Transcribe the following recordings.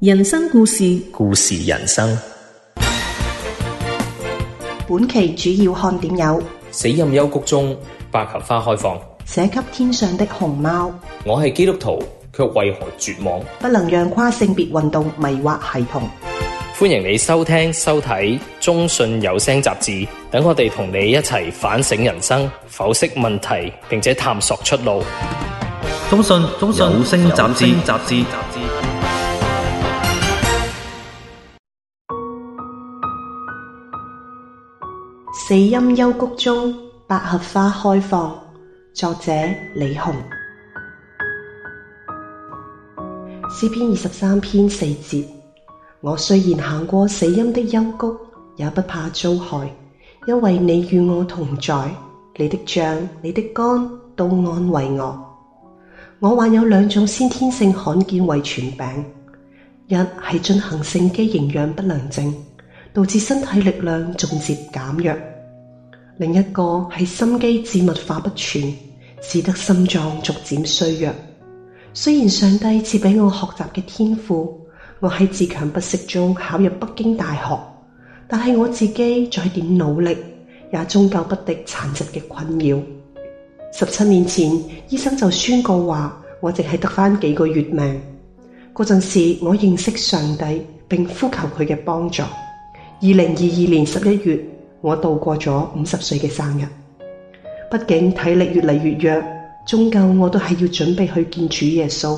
人生故事，故事人生。本期主要看點有：死蔭幽谷中百合花開放；寫給天上的熊貓；我係基督徒，卻為何絕望？不能讓跨性別運動迷惑孩童。歡迎你收聽、收睇《中信有聲雜誌》，等我哋同你一齊反省人生，剖析問題，並且探索出路。中信中信有聲雜誌資聲雜誌。死蔭幽谷中，百合花開放。作者李虹：李虹。詩篇二十三篇四節：我雖然行過死蔭的幽谷，也不怕遭害，因為你與我同在，你的杖、你的竿都安慰我。我患有兩種先天性罕見遺傳病，一是進行性肌營養不良症，導致身體力量逐漸減弱。另一個係心機自物化不全，使得心臟逐漸衰弱。雖然上帝賜俾我學習嘅天賦，我喺自強不息中考入北京大學，但係我自己再點努力，也終究不敵殘疾嘅困擾。十七年前，醫生就宣告話我淨係得翻幾個月命。嗰陣時，我認識上帝，並呼求佢嘅幫助。二零二二年十一月。我度過咗五十歲嘅生日，畢竟體力越嚟越弱，終究我都係要準備去見主耶穌。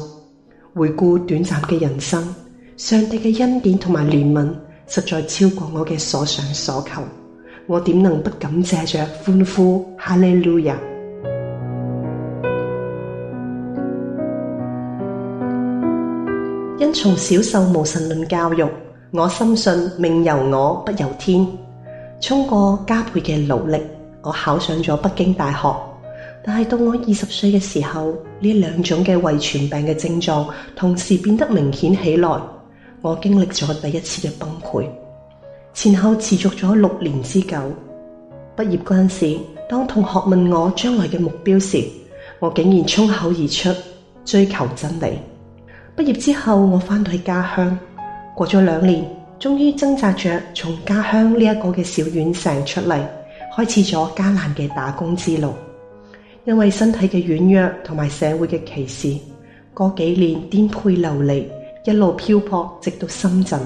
回顧短暫嘅人生，上帝嘅恩典同埋憐憫實在超過我嘅所想所求，我點能不感謝着歡呼哈利路亞？因從小受無神論教育，我深信命由我不由天。通過加倍嘅努力，我考上咗北京大學。但係到我二十歲嘅時候，呢兩種嘅遺傳病嘅症狀同時變得明顯起來，我經歷咗第一次嘅崩潰，前後持續咗六年之久。畢業嗰陣時，當同學問我將來嘅目標時，我竟然衝口而出，追求真理。畢業之後，我返到去家鄉，過咗兩年。終於掙扎着從家鄉呢一個嘅小縣城出嚟，開始咗艱難嘅打工之路。因為身體嘅軟弱同埋社會嘅歧視，嗰幾年顛沛流離，一路漂泊，直到深圳。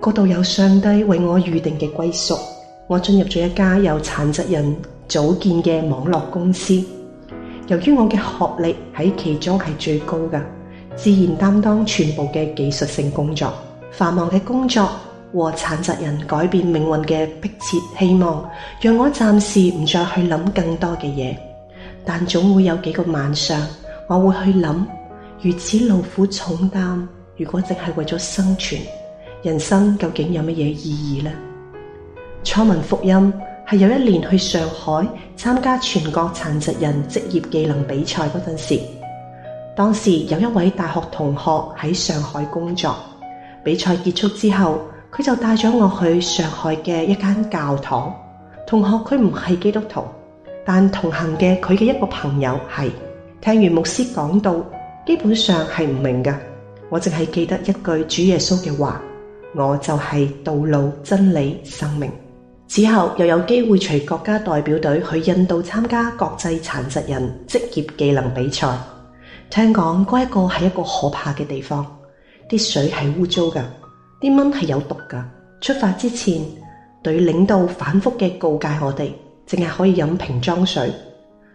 嗰度有上帝為我預定嘅歸宿。我進入咗一家由殘疾人組建嘅網絡公司。由於我嘅學歷喺其中係最高噶，自然擔當全部嘅技術性工作。繁忙嘅工作和殘疾人改變命運嘅迫切希望，讓我暫時唔再去諗更多嘅嘢。但總會有幾個晚上，我會去諗：如此勞苦重擔，如果淨係為咗生存，人生究竟有乜嘢意義呢？初聞福音係有一年去上海參加全國殘疾人職業技能比賽嗰陣時，當時有一位大學同學喺上海工作。比賽結束之後，佢就帶咗我去上海嘅一間教堂。同學佢唔係基督徒，但同行嘅佢嘅一個朋友係。聽完牧師講道，基本上係唔明㗎。我淨係記得一句主耶穌嘅話：我就係道路、真理、生命。此後又有機會隨國家代表隊去印度參加國際殘疾人職業技能比賽。聽講嗰一個係一個可怕嘅地方。啲水係污糟噶，啲蚊係有毒噶。出發之前，隊領導反覆嘅告誡我哋，淨係可以飲瓶裝水。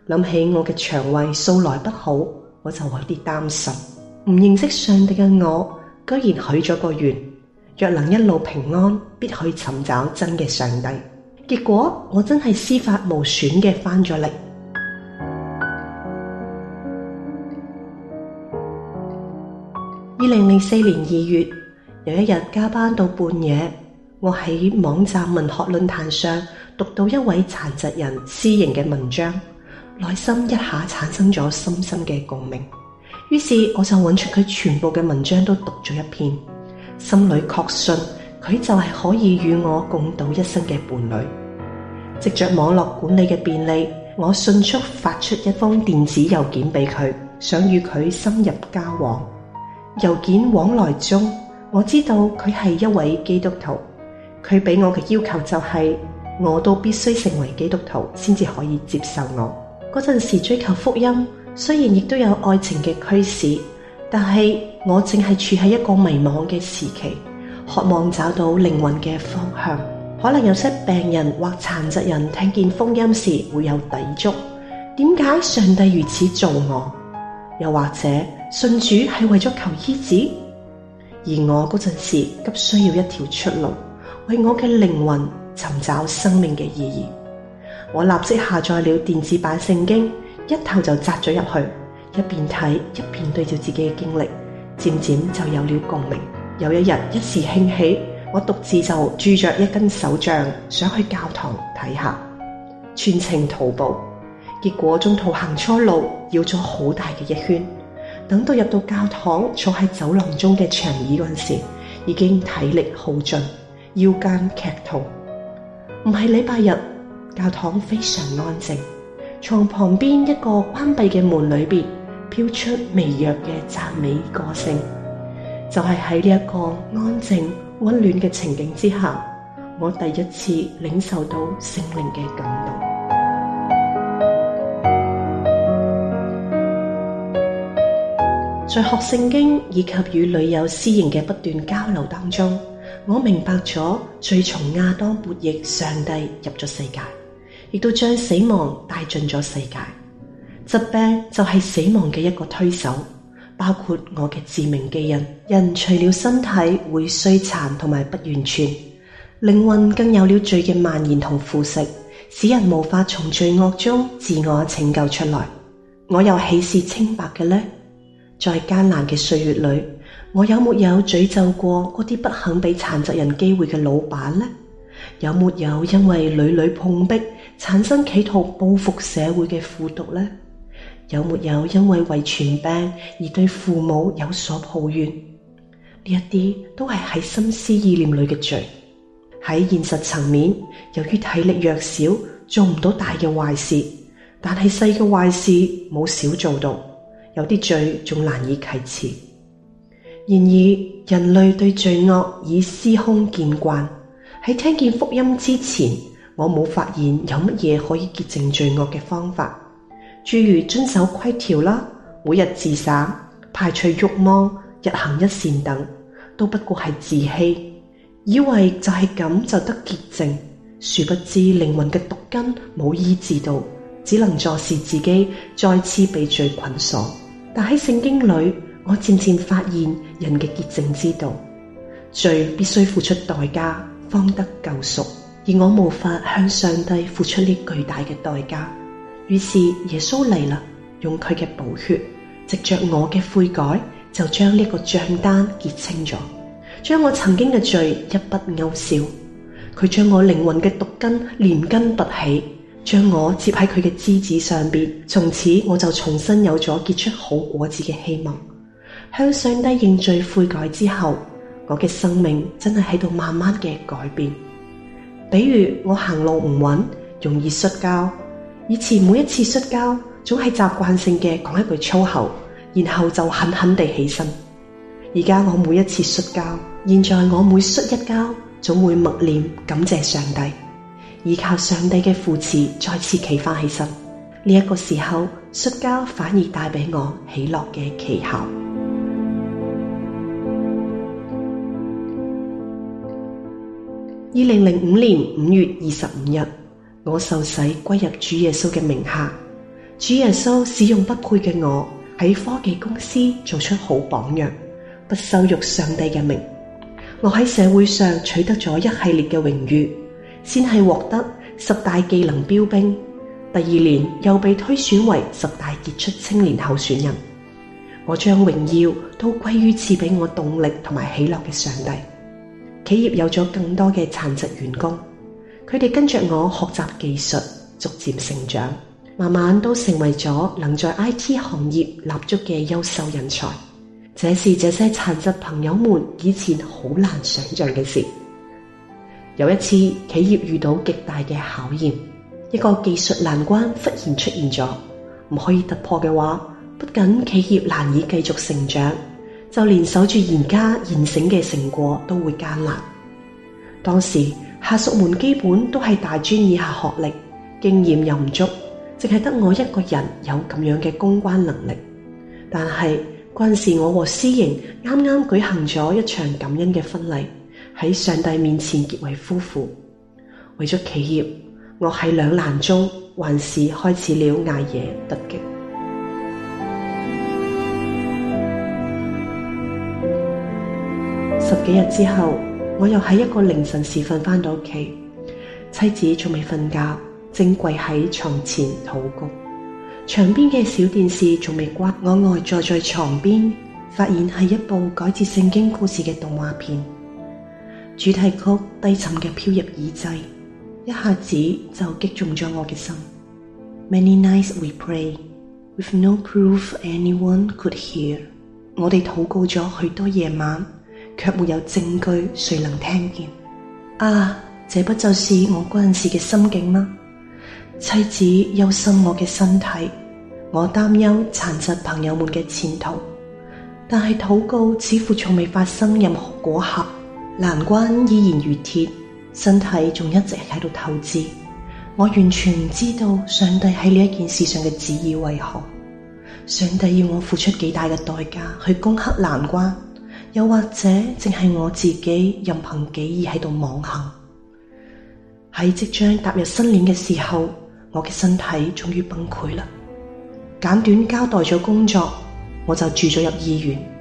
諗起我嘅腸胃素來不好，我就會有啲擔心。唔認識上帝嘅我，居然許咗個願，若能一路平安，必去尋找真嘅上帝。結果我真係毫髮無損嘅翻咗嚟。二零零四年二月有一日加班到半夜，我喺網站文學論壇上讀到一位殘疾人私型嘅文章，內心一下產生咗深深嘅共鳴。於是我就揾出佢全部嘅文章都讀咗一遍，心裏確信佢就係可以與我共度一生嘅伴侶。藉着網絡管理嘅便利，我迅速發出一封電子郵件俾佢，想與佢深入交往。郵件往來中，我知道佢係一位基督徒，佢俾我嘅要求就係，我都必須成為基督徒先至可以接受我。嗰陣時追求福音，雖然亦都有愛情嘅驅使，但係我淨係處喺一個迷茫嘅時期，渴望找到靈魂嘅方向。可能有些病人或殘疾人聽見福音時會有抵觸，點解上帝如此造我？又或者？信主係為咗求醫治，而我嗰陣時急需要一條出路，為我嘅靈魂尋找生命嘅意義。我立即下載了電子版聖經，一頭就扎咗入去，一邊睇一邊對照自己嘅經歷，漸漸就有了共鳴。有一日一時興起，我獨自就拄着一根手杖，想去教堂睇下，全程徒步，結果中途行錯路，繞咗好大嘅一圈。等到入到教堂，坐喺走廊中嘅長椅嗰陣時，已經體力耗盡，腰間劇痛。唔係禮拜日，教堂非常安靜。從旁邊一個關閉嘅門裏邊，飄出微弱嘅讚美歌聲。就係喺呢一個安靜溫暖嘅情景之下，我第一次領受到聖靈嘅感動。在學聖經以及與女友詩盈嘅不斷交流當中，我明白咗罪從亞當悖逆上帝入咗世界，亦都將死亡帶進咗世界。疾病就係死亡嘅一個推手，包括我嘅致命基因。人除了身體會衰殘同埋不完全，靈魂更有了罪嘅蔓延同腐蝕，使人無法從罪惡中自我拯救出來。我又豈是清白嘅呢？在艱難嘅歲月裏，我有沒有詛咒過嗰啲不肯俾殘疾人機會嘅老闆呢？有沒有因為屢屢碰壁，產生企圖報復社會嘅苦毒呢？有沒有因為遺傳病而對父母有所抱怨？呢一啲都係喺心思意念裏嘅罪。喺現實層面，由於體力弱小，做唔到大嘅壞事，但係細嘅壞事冇少做到。有啲罪仲難以啟齒。然而人類對罪惡已司空見慣。喺聽見福音之前，我冇發現有乜嘢可以潔淨罪惡嘅方法。諸如遵守規條啦，每日自省、排除欲望、日行一善等，都不過係自欺，以為就係咁就得潔淨。殊不知靈魂嘅毒根冇醫治到，只能坐視自己再次被罪捆鎖。但喺聖經裏，我漸漸發現人嘅潔淨之道，罪必須付出代價方得救贖，而我無法向上帝付出呢巨大嘅代價。於是耶穌嚟啦，用佢嘅寶血，藉着我嘅悔改，就將呢個賬單結清咗，將我曾經嘅罪一筆勾銷，佢將我靈魂嘅毒根連根拔起。將我接喺佢嘅枝子上邊，從此我就重新有咗結出好果子嘅希望。向上帝認罪悔改之後，我嘅生命真係喺度慢慢嘅改變。比如我行路唔穩，容易摔跤。以前每一次摔跤，總係習慣性嘅講一句粗口，然後就狠狠地起身。而家我每一次摔跤，現在我每摔一跤，總會默念感謝上帝。依靠上帝嘅扶持，再次企返起身。呢、這、一個時候，摔跤反而帶俾我喜樂嘅奇效。二零零五年五月二十五日，我受洗歸入主耶穌嘅名下。主耶穌使用不配嘅我喺科技公司做出好榜樣，不羞辱上帝嘅名。我喺社會上取得咗一系列嘅榮譽。先係獲得十大技能標兵，第二年又被推選為十大傑出青年候選人。我將榮耀都歸於賜畀我動力同埋喜樂嘅上帝。企業有咗更多嘅殘疾員工，佢哋跟着我學習技術，逐漸成長，慢慢都成為咗能在 IT 行業立足嘅優秀人才。這是這些殘疾朋友們以前好難想象嘅事。有一次，企業遇到極大嘅考驗，一個技術難關忽然出現咗，唔可以突破嘅話，不僅企業難以繼續成長，就連守住現家現成嘅成果都會艱難。當時下屬們基本都係大專以下學歷，經驗又唔足，淨係得我一個人有咁樣嘅公關能力。但係，嗰陣時我和詩盈啱啱舉行咗一場感恩嘅婚禮。喺上帝面前結為夫婦，為咗企業，我喺兩難中，還是開始了挨夜突擊。 十幾日之後，我又喺一個凌晨時分返到屋企，妻子仲未瞓覺，正跪喺床前禱告，牆邊嘅小電視仲未關，我呆坐在床邊，發現係一部改自聖經故事嘅動畫片。主題曲低沉嘅飄入耳際，一下子就擊中咗我嘅心。Many nights we pray with no proof anyone could hear。我哋禱告咗許多夜晚，卻沒有證據誰能聽見。啊，這不就是我嗰陣時嘅心境嗎？妻子憂心我嘅身體，我擔憂殘疾朋友們嘅前途，但係禱告似乎從未發生任何果效。難關依然如鐵，身體仲一直喺度透支，我完全唔知道上帝喺呢一件事上嘅旨意為何。上帝要我付出幾大嘅代價去攻克難關，又或者淨係我自己任憑己意喺度妄行。喺即將踏入新年嘅時候，我嘅身體終於崩潰啦，簡短交代咗工作，我就住咗入醫院。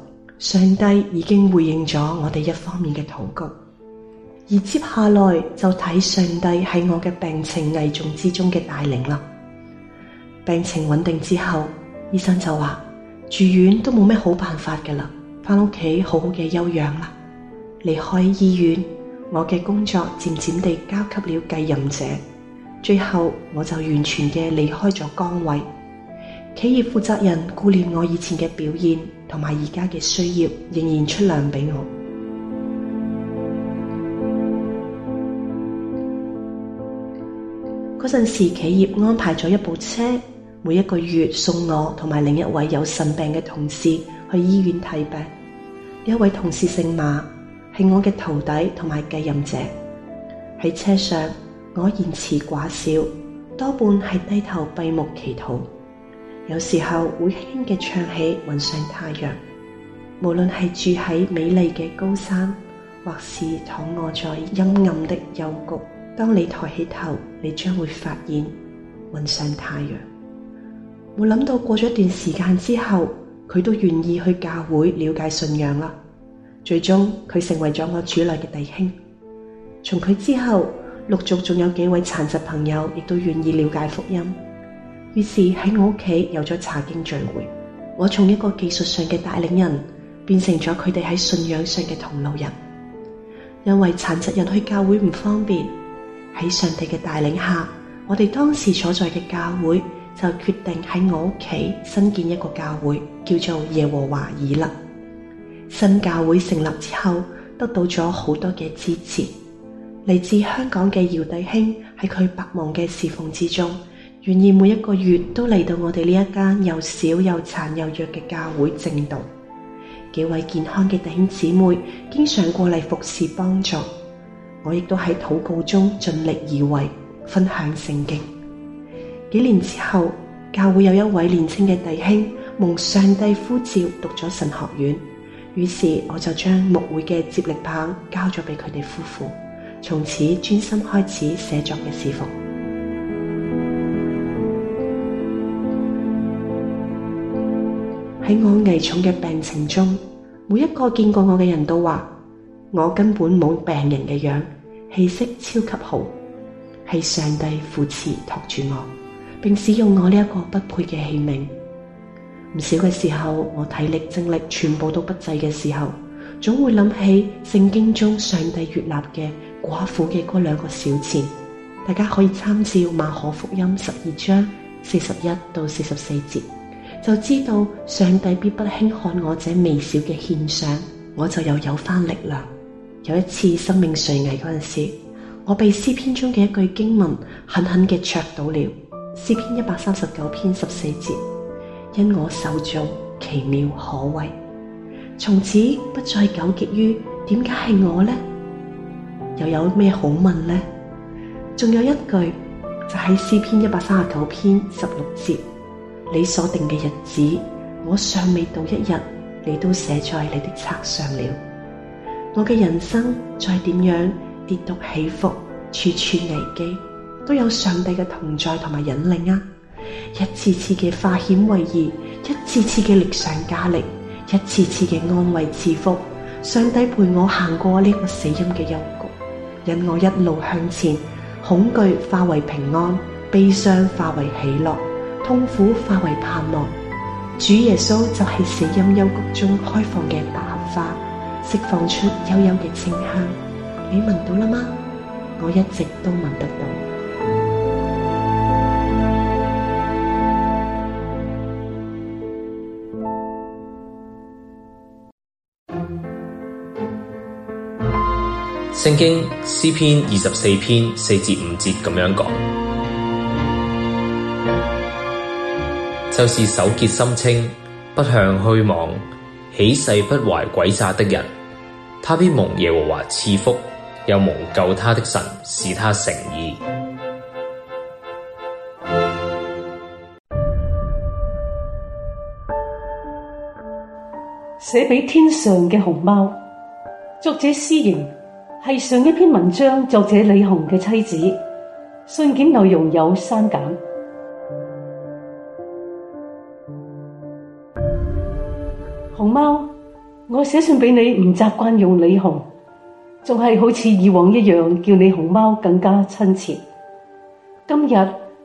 上帝已經回應咗我哋一方面嘅禱告，而接下來就睇上帝喺我嘅病情危重之中嘅帶領啦。病情穩定之後，醫生就話住院都冇咩好辦法噶啦，返屋企好好嘅休養啦。離開醫院，我嘅工作漸漸地交給了繼任者，最後我就完全嘅離開咗崗位。企業負責人顧念我以前嘅表現。同埋而家嘅需要，仍然出糧畀我。嗰陣 時，企業安排咗一部車，每一個月送我同埋另一位有腎病嘅同事去醫院睇病。有一位同事姓馬，係我嘅徒弟同埋繼任者。喺車上，我言辭寡少，多半係低頭閉目祈禱。有時候會輕輕嘅唱起《雲上太陽》，無論係住喺美麗嘅高山，或是躺臥在陰暗的幽谷，當你抬起頭，你將會發現《雲上太陽》。我諗到過咗一段時間之後，佢都願意去教會了解信仰啦。最終佢成為咗我主內嘅弟兄。從佢之後，陸續仲有幾位殘疾朋友亦都願意了解福音。於是喺我屋企有咗查經聚會，我從一個技術上嘅帶領人，變成咗佢哋喺信仰上嘅同路人。因為殘疾人去教會唔方便，喺上帝嘅帶領下，我哋當時所在嘅教會就決定喺我屋企新建一個教會，叫做耶和華以勒。新教會成立之後，得到咗好多嘅支持，嚟自香港嘅姚弟兄喺佢百忙嘅侍奉之中。願意每一個月都嚟到我哋呢一間又小又殘又弱嘅教會證道，幾位健康嘅弟兄姊妹經常過嚟服侍幫助，我亦都喺禱告中盡力而為，分享聖經。幾年之後，教會有一位年青嘅弟兄蒙上帝呼召讀咗神學院，於是我就將牧會嘅接力棒交咗俾佢哋夫婦，從此專心開始寫作嘅侍奉。喺我危重嘅病情中，每一個見過我嘅人都話，我根本冇病人嘅樣，氣息超級好，係上帝扶持托住我，並使用我呢一個不配嘅器皿。唔少嘅時候，我體力精力全部都不濟嘅時候，總會諗起聖經中上帝悅納嘅寡婦嘅嗰兩個小錢，大家可以參照馬可福音十二章四十一到四十四節。就知道上帝必不輕看我這微小嘅獻上，我就又有返力量。有一次生命垂危嗰陣時，我被詩篇中嘅一句經文狠狠嘅灼到了。詩篇一百三十九篇十四節，因我受造奇妙可畏，從此不再糾結於點解係我呢？又有咩好問呢？仲有一句就喺、是、詩篇一百三十九篇十六節。你所定嘅日子，我尚未到一日，你都寫在你的冊上了。我嘅人生再點樣跌宕起伏，處處危機，都有上帝嘅同在同埋引領啊！一次次嘅化險為夷，一次次嘅力上加力，一次次嘅安慰賜福，上帝陪我行過呢個死蔭嘅幽谷，引我一路向前。恐懼化為平安，悲傷化為喜樂。痛苦化為盼望，主耶穌就喺死蔭幽谷中開放嘅百合花，釋放出幽幽嘅清香。你聞到啦嗎？我一直都聞得到。聖經詩篇二十四篇四至五節咁樣講。就是手潔心清，不向虛妄，起誓不懷詭詐的人，他必蒙耶和華賜福，又蒙救他的神使他成義。寫俾天上嘅熊貓，作者詩盈係上一篇文章作者李虹嘅妻子，信件內容有刪減。熊貓，我寫信俾你，唔習慣用李虹，仲係好似以往一樣叫你熊貓，更加親切。今日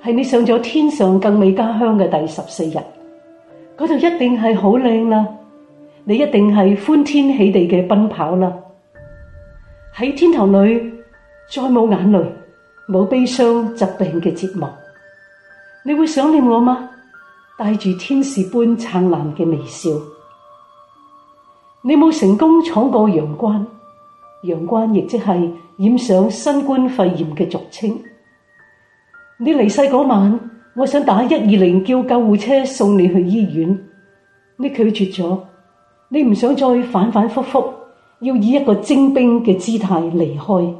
係你上咗天上更美家鄉嘅第十四日，嗰度一定係好靚啦，你一定係歡天喜地嘅奔跑啦。喺天堂裏，再冇眼淚，冇悲傷，疾病嘅折磨。你會想念我嗎？帶住天使般燦爛嘅微笑。你冇成功闖過陽關，陽關亦即係染上新冠肺炎嘅俗稱。你離世嗰晚，我想打一二零叫救護車送你去醫院，你拒絕咗。你唔想再反反复覆要以一個精兵嘅姿態離開。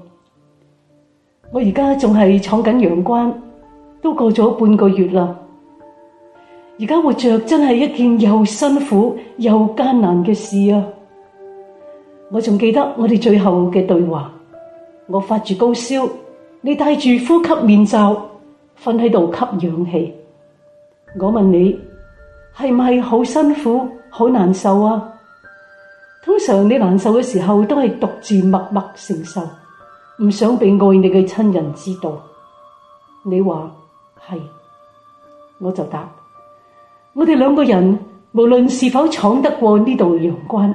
我而家仲係闖緊陽關，都過咗半個月啦。而家活着真係一件又辛苦又艱難嘅事啊！我仲記得我哋最後嘅對話，我發住高燒，你戴住呼吸面罩瞓喺度吸氧氣。我問你係唔係好辛苦、好難受啊？通常你難受嘅時候都係獨自默默承受，唔想被愛你嘅親人知道。你話係，我就答。我哋兩個人無論是否闖得過呢道陽關。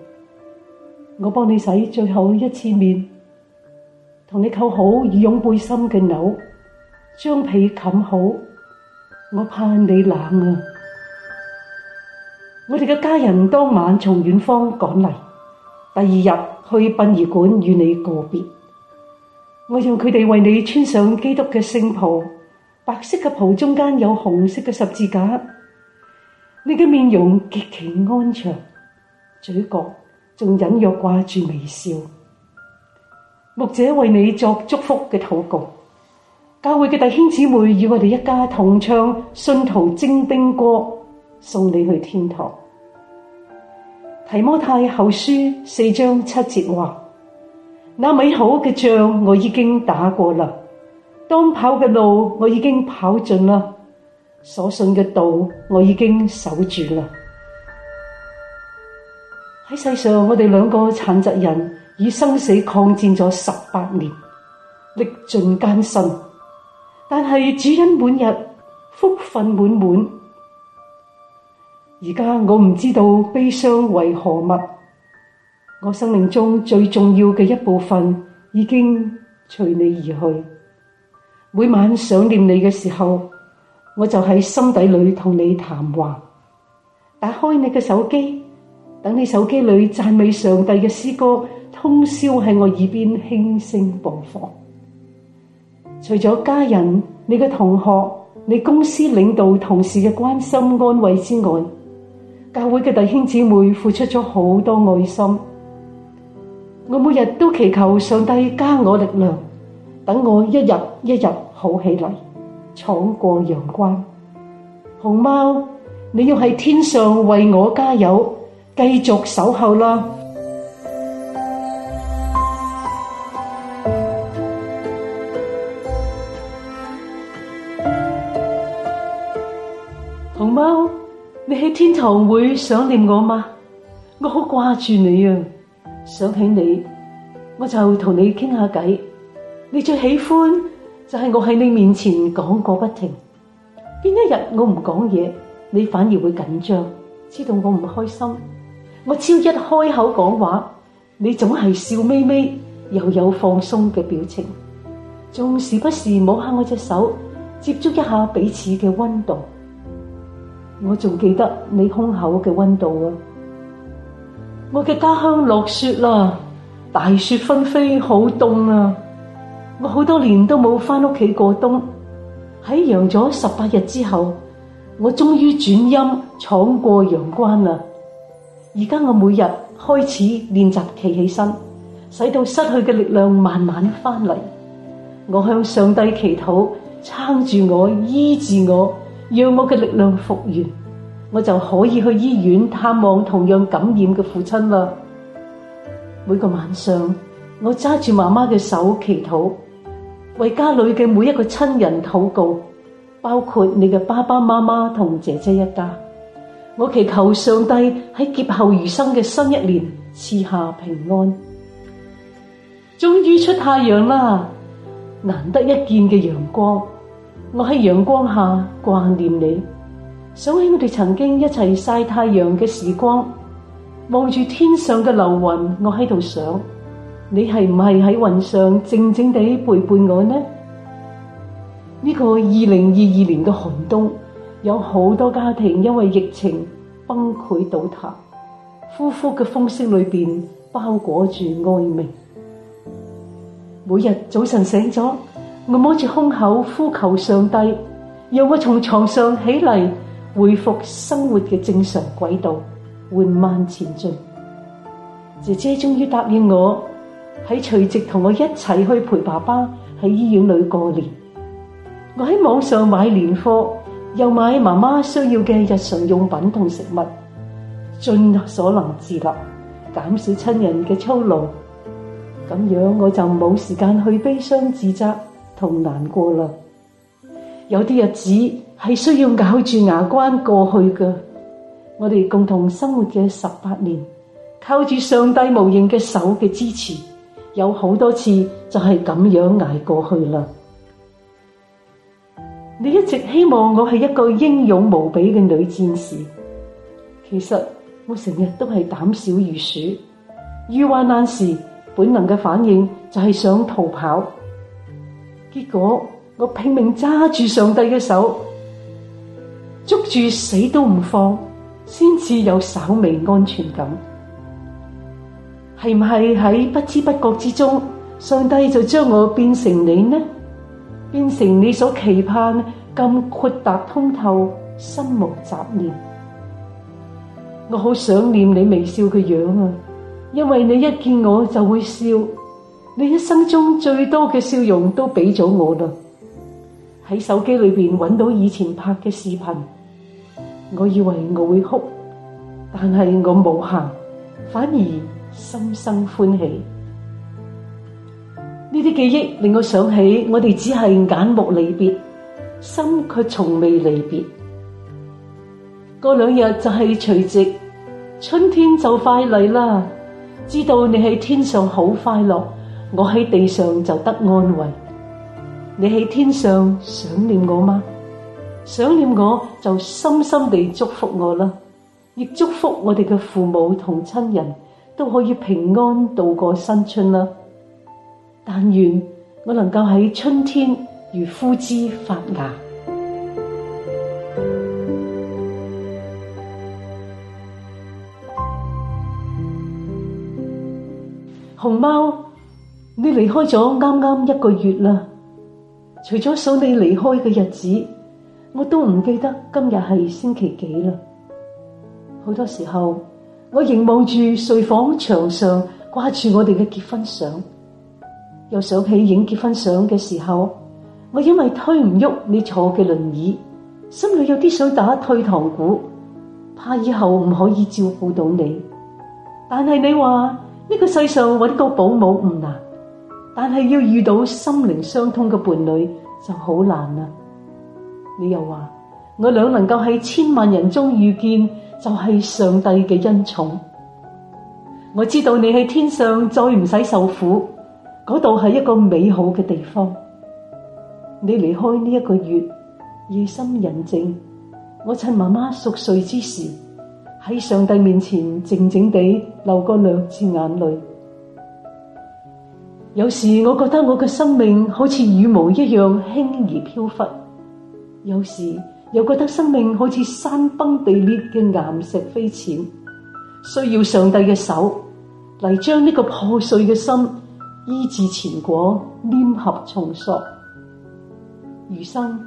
我幫你洗最後一次面，同你扣好羽絨背心嘅鈕，將被冚好。我怕你冷啊！我哋嘅家人當晚從遠方趕嚟，第二日去殯儀館與你告別。我用佢哋為你穿上基督嘅聖袍，白色嘅袍中間有紅色嘅十字架。你嘅面容極其安詳，嘴角，仲隱約掛住微笑，牧者為你作祝福嘅禱告，教會嘅弟兄姊妹與我哋一家同唱信徒精兵歌，送你去天堂。提摩太後書四章七節話：那美好嘅仗我已經打過啦，當跑嘅路我已經跑盡啦，所信嘅道我已經守住啦。喺世上，我哋兩個殘疾人與生死抗戰咗十八年，歷盡艱辛。但係主恩滿日，福分滿滿。而家我唔知道悲傷為何物。我生命中最重要嘅一部分已經隨你而去。每晚想念你嘅時候，我就喺心底裏同你談話。打開你嘅手機。等你手機裏讚美上帝嘅詩歌通宵喺我耳邊輕聲播放。除咗家人、你嘅同學、你公司領導同事嘅關心安慰之外，教會嘅弟兄姊妹付出咗好多愛心。我每日都祈求上帝加我力量，等我一日一日好起嚟，闖過陽關。熊貓，你要喺天上為我加油。繼續守候啦，熊貓，你喺天堂會想念我嗎？我好掛住你啊！想起你，我就同你傾下偈。你最喜歡就係我喺你面前講個不停。邊一日我唔講嘢，你反而會緊張，知道我唔開心。我只要一開口講話，你總係笑眯眯，又有放鬆嘅表情，仲時不時摸下我隻手，接觸一下彼此嘅溫度。我仲記得你胸口嘅溫度啊！我嘅家鄉落雪啦，大雪紛飛，好凍啊！我好多年都冇返屋企過冬。喺陽咗十八日之後，我終於轉陰，闖過陽關啦！而家我每日開始練習企起身，使到失去嘅力量慢慢翻嚟。我向上帝祈禱，撐住我，醫治我，讓我嘅力量復原，我就可以去醫院探望同樣感染嘅父親啦。每個晚上，我揸住媽媽嘅手祈禱，為家裏嘅每一個親人禱告，包括你嘅爸爸媽媽同姐姐一家。我祈求上帝喺劫後餘生嘅新一年賜下平安。終於出太陽啦，難得一見嘅陽光。我喺陽光下掛念你，想起我哋曾經一齊曬太陽嘅時光。望住天上嘅流雲，我喺度想，你係唔係喺雲上靜靜地陪伴我呢？呢、這個二零二二年嘅寒冬。有好多家庭因為疫情崩潰倒塌，呼呼嘅風聲裏邊包裹住哀鳴。每日早晨醒咗，我摸住胸口呼求上帝，讓我從床上起嚟，恢復生活嘅正常軌道，緩慢前進。姐姐終於答應我，喺除夕同我一齊去陪爸爸喺醫院裏過年。我喺網上買年貨。又買媽媽需要嘅日常用品同食物，盡所能自立，減少親人嘅操勞。咁樣我就冇時間去悲傷、自責同難過啦。有啲日子係需要咬住牙關過去嘅。我哋共同生活嘅十八年，靠住上帝無形嘅手嘅支持，有好多次就係咁樣捱過去啦。你一直希望我係一個英勇無比嘅女戰士，其實我成日都係膽小如鼠，遇患難時本能嘅反應就係想逃跑。結果我拼命揸住上帝嘅手，捉住死都唔放，先至有稍微安全感。係唔係喺不知不覺之中，上帝就將我變成你呢？變成你所期盼咁豁達通透、心無雜念。我好想念你微笑嘅樣啊，因為你一見我就會笑，你一生中最多嘅笑容都俾咗我啦。喺手機裏邊揾到以前拍嘅視頻，我以為我會哭，但係我冇喊，反而深深歡喜。呢啲記憶令我想起，我哋只係眼目離別，心卻從未離別。過兩日就係除夕，春天就快嚟啦。知道你喺天上好快樂，我喺地上就得安慰。你喺天上想念我嗎？想念我就深深地祝福我啦，亦祝福我哋嘅父母同親人，都可以平安度過新春啦。但願我能夠喺春天如枯枝發芽。熊貓，你離開咗啱啱一個月啦。除咗數你離開嘅日子，我都唔記得今日係星期幾啦。好多時候，我凝望住睡房牆上掛住我哋嘅結婚相。又想起影結婚相嘅時候，我因為推唔喐你坐嘅輪椅，心裏有啲想打退堂鼓，怕以後唔可以照顧到你。但係你話呢個世上搵個保姆唔難，但係要遇到心靈相通嘅伴侶就好難啦。你又話我兩能夠喺千萬人中遇見，就係上帝嘅恩寵。我知道你喺天上再唔使受苦。嗰度係一個美好嘅地方。你離開呢一個月，夜深人靜，我趁媽媽熟睡之時，喺上帝面前靜靜地流過兩次眼淚。有時我覺得我嘅生命好似羽毛一樣輕而飄忽；有時又覺得生命好似山崩地裂嘅岩石飛濺，需要上帝嘅手嚟將呢個破碎嘅心。醫治前果黏合重塑。餘生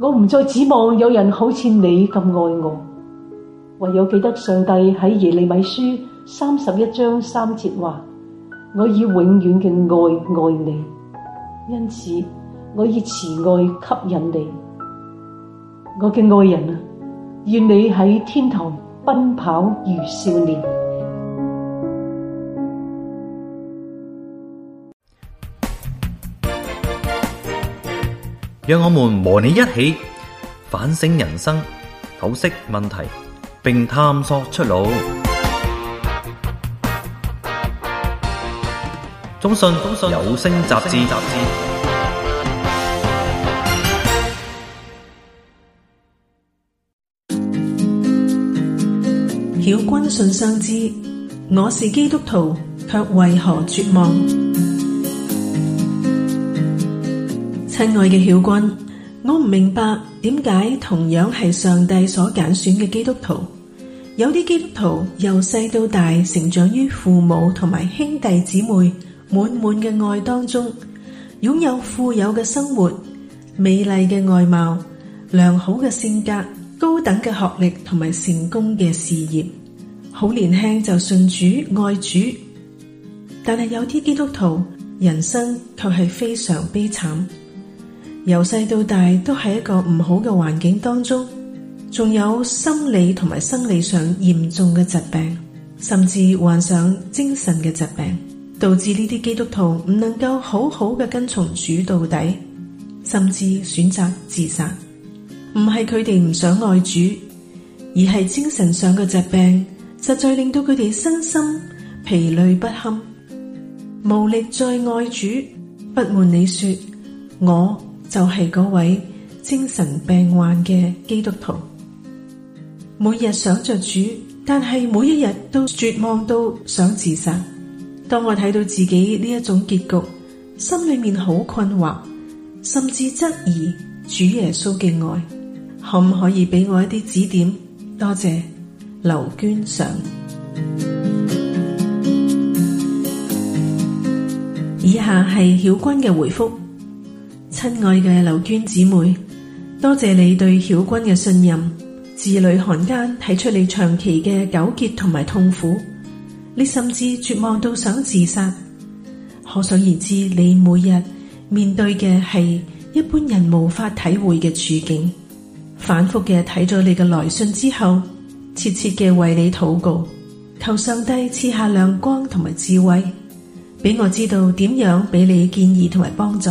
我唔再指望有人好似你咁愛我，唯有記得上帝喺耶利米書三十一章三節話：我以永遠嘅愛愛你，因此我以慈愛吸引你，我嘅愛人啊，願你喺天堂奔跑如少年。讓我們和你一起反省人生，剖析問題，並探索出路。中信有聲雜誌。曉君信箱之，我是基督徒，卻為何絕望？親愛嘅曉君，我唔明白點解同樣係上帝所揀選嘅基督徒，有啲基督徒由細到大成長於父母同埋兄弟姊妹滿滿嘅愛當中，擁有富有嘅生活、美麗嘅外貌、良好嘅性格、高等嘅學歷同埋成功嘅事業，好年輕就信主愛主，但係有啲基督徒人生卻係非常悲慘。由細到大都喺一個唔好嘅環境當中，仲有心理同埋生理上嚴重嘅疾病，甚至患上精神嘅疾病，導致呢啲基督徒唔能夠好好嘅跟從主到底，甚至選擇自殺。唔係佢哋唔想愛主，而係精神上嘅疾病實在令到佢哋身心疲累不堪，無力再愛主。不瞞你說，我，就係嗰位精神病患嘅基督徒，每日想着主，但係每一日都絕望到想自殺。當我睇到自己呢一種結局，心裏面好困惑，甚至質疑主耶穌嘅愛，可唔可以俾我一啲指點？多謝劉娟上。以下係曉君嘅回覆。親愛嘅劉娟姊妹，多謝你對曉君嘅信任，字裏行間睇出你長期嘅糾結同埋痛苦，你甚至絕望到想自殺。可想而知，你每日面對嘅係一般人無法體會嘅處境。反覆嘅睇咗你嘅來信之後，切切嘅為你禱告，求上帝賜下亮光同埋智慧，俾我知道點樣俾你建議同埋幫助。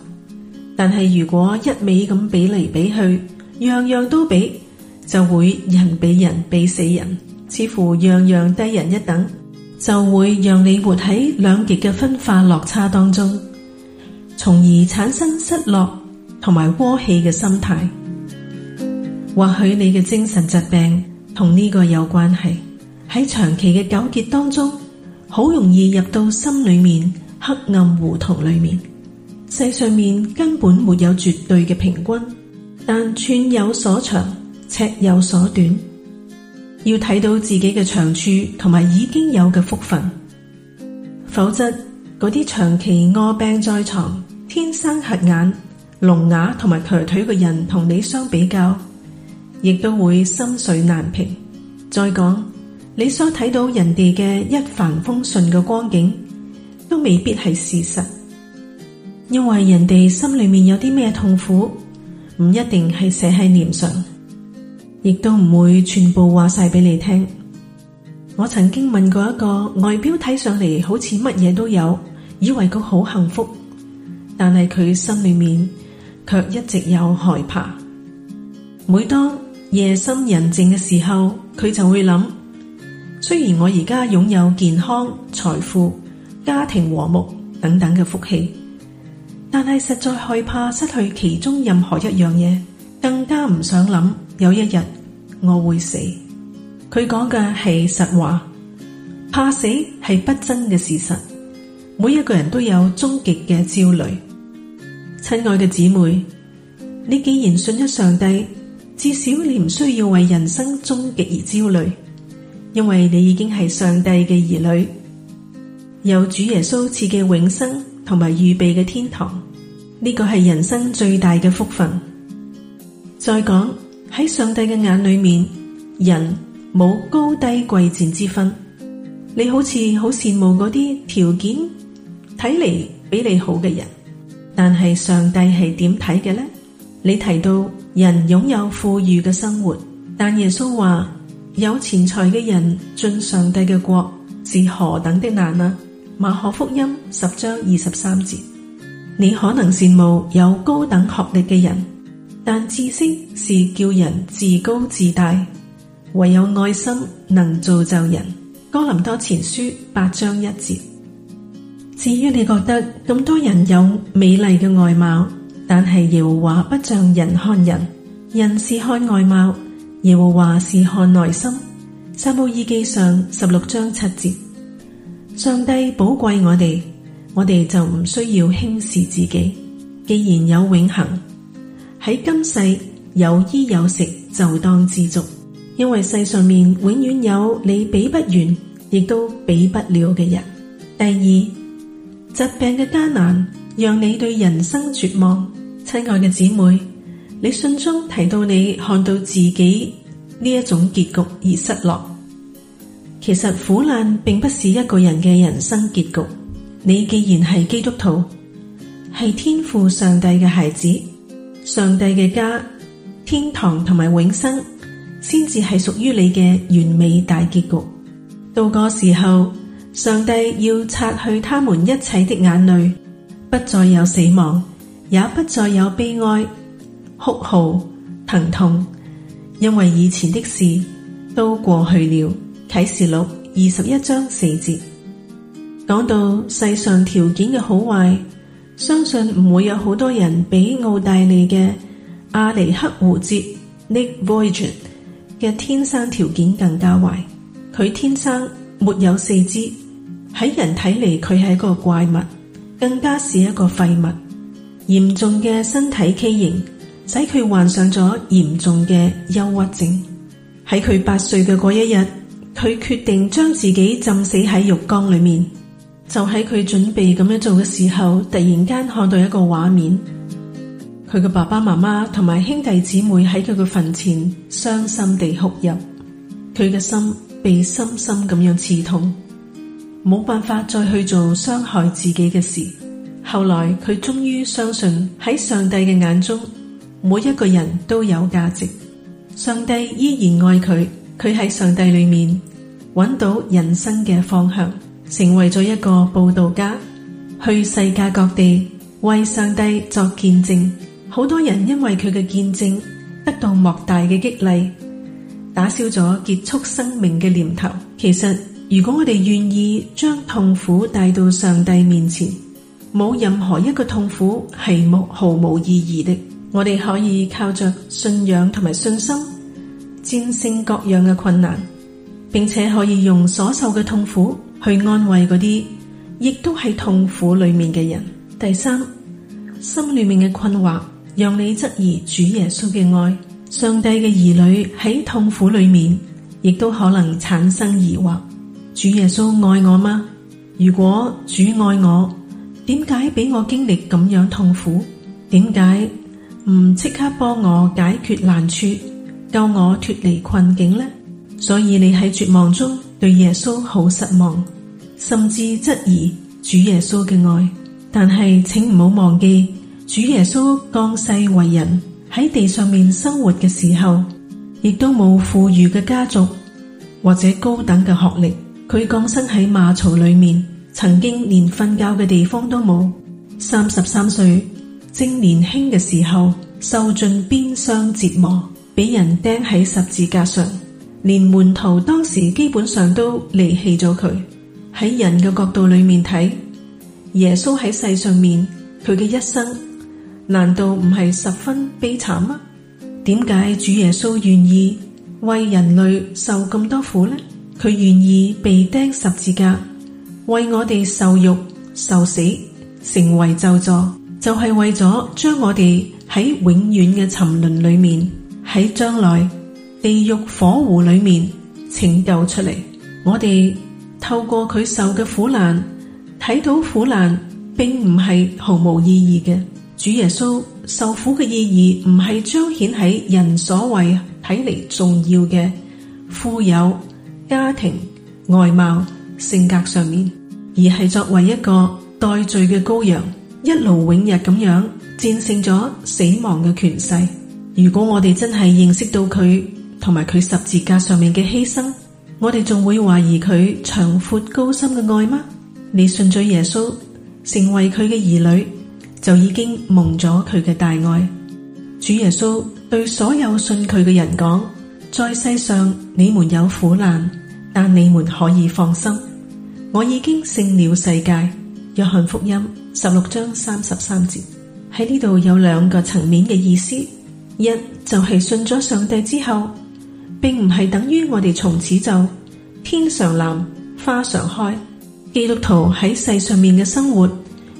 但係如果一味咁比嚟比去，樣樣都比，就會人比人比死人，似乎樣樣低人一等，就會讓你活喺兩極嘅分化落差當中，從而產生失落同埋窩氣嘅心態。或許你嘅精神疾病同呢個有關係，喺長期嘅糾結當中，好容易入到心裏面，黑暗胡同裏面。世上面根本沒有絕對嘅平均，但寸有所長，尺有所短。要睇到自己嘅長處同埋已經有嘅福分，否則嗰啲長期卧病在床、天生瞎眼、聾啞同埋瘸腿嘅人，同你相比較，亦都會心水難平。再講，你所睇到人哋嘅一帆風順嘅光景，都未必係事實。因為人哋心裏面有啲咩痛苦，唔一定係寫喺臉上，亦都唔會全部話晒俾你聽。我曾經問過一個外表睇上嚟，好似乜嘢都有，以為佢好幸福，但係佢心裏面卻一直有害怕。每當夜深人靜嘅時候，佢就會諗：雖然我而家擁有健康、財富、家庭和睦等等嘅福氣。但係實在害怕失去其中任何一樣嘢，更加唔想諗有一日我會死。佢講嘅係實話，怕死係不爭嘅事實。每一個人都有終極嘅焦慮。親愛嘅姊妹，你既然信咗上帝，至少你唔需要為人生終極而焦慮，因為你已經係上帝嘅兒女，有主耶穌賜嘅永生。同埋預備嘅天堂，呢個係人生最大嘅福分。再講，喺上帝嘅眼裏面，人冇高低貴賤之分。你好似好羨慕嗰啲條件睇嚟比你好嘅人，但係上帝係點睇嘅呢？你提到人擁有富裕嘅生活，但耶穌話有錢財嘅人進上帝嘅國，是何等的難啊？馬可福音十章二十三節。你可能羨慕有高等學歷嘅人，但知識是叫人自高自大，唯有愛心能造就人。哥林多前書八章一節。至於你覺得咁多人有美麗嘅外貌，但係耶和華不像人看人，人是看外貌，耶和華是看內心。撒母耳記上十六章七節。上帝寶貴我哋，我哋就唔需要輕視自己。既然有永恒喺今世有衣有食，就當知足，因為世上面永遠有你比不完，亦都比不了嘅人。第二，疾病嘅艱難讓你對人生絕望，親愛嘅姊妹，你信中提到你看到自己呢一種結局而失落。其實苦難並不是一個人嘅人生結局。你既然係基督徒，係天父上帝嘅孩子，上帝嘅家，天堂同埋永生先至係屬於你嘅完美大結局。到個時候，上帝要擦去他們一切的眼淚，不再有死亡，也不再有悲哀、哭號、疼痛，因為以前的事都過去了。啟示錄二十一章四節講到世上條件嘅好壞，相信唔會有好多人比澳大利亞嘅阿尼克胡哲 （Nick Vujicic） 嘅天生條件更加壞。佢天生沒有四肢，喺人睇嚟，佢係一個怪物，更加是一個廢物。嚴重嘅身體畸形使佢患上咗嚴重嘅憂鬱症。喺佢八歲嘅嗰一日，佢決定將自己浸死喺浴缸裏面。就喺佢準備咁樣做嘅時候，突然間看到一個畫面：佢嘅爸爸媽媽同埋兄弟姊妹喺佢嘅墳前傷心地哭泣。佢嘅心被深深咁樣刺痛，冇辦法再去做傷害自己嘅事。後來佢終於相信喺上帝嘅眼中，每一個人都有價值，上帝依然愛佢。佢喺上帝裏面揾到人生嘅方向，成為咗一個佈道家，去世界各地為上帝作見證。好多人因為佢嘅見證得到莫大嘅激勵，打消咗結束生命嘅念頭。其實，如果我哋願意將痛苦帶到上帝面前，冇任何一個痛苦係冇毫無意義的。我哋可以靠着信仰同埋信心。戰勝各樣嘅困難，並且可以用所受嘅痛苦去安慰嗰啲亦都係痛苦裏面嘅人。第三，心裏面嘅困惑，讓你質疑主耶穌嘅愛。上帝嘅兒女喺痛苦裏面，亦都可能產生疑惑：主耶穌愛我嗎？如果主愛我，點解俾我經歷咁樣痛苦？點解唔即刻幫我解決難處？救我脫離困境呢？所以你喺絕望中對耶穌好失望，甚至質疑主耶穌嘅愛。但係請唔好忘記，主耶穌降世為人喺地上面生活嘅時候，亦都冇富裕嘅家族或者高等嘅學歷。佢降生喺馬槽裏面，曾經連瞓覺嘅地方都冇。三十三歲正年輕嘅時候，受盡鞭傷折磨。俾人釘喺十字架上，連門徒當時基本上都離棄咗佢。喺人嘅角度裏面睇，耶穌喺世上面佢嘅一生，難道唔係十分悲慘嗎？點解主耶穌願意為人類受咁多苦呢？佢願意被釘十字架，為我哋受辱受死，成為咒詛，就係、是、為咗將我哋喺永遠嘅沉淪裏面。喺將來地獄火湖裏面拯救出嚟。我哋透過佢受嘅苦難，睇到苦難並唔係毫無意義嘅。主耶穌受苦嘅意義，唔係彰顯喺人所謂睇嚟重要嘅富有、家庭、外貌、性格上面，而係作為一個代罪嘅羔羊，一勞永逸咁樣戰勝咗死亡嘅權勢。如果我哋真係認識到佢同埋佢十字架上面嘅犧牲，我哋仲會懷疑佢長闊高深嘅愛嗎？你信咗耶穌，成為佢嘅兒女，就已經蒙咗佢嘅大愛。主耶穌對所有信佢嘅人講：在世上你們有苦難，但你們可以放心，我已經勝了世界。約翰福音十六章三十三節，喺呢度有兩個層面嘅意思。一就係、是、信咗上帝之後，並唔係等於我哋從此就天常藍花常開。基督徒喺世上面嘅生活，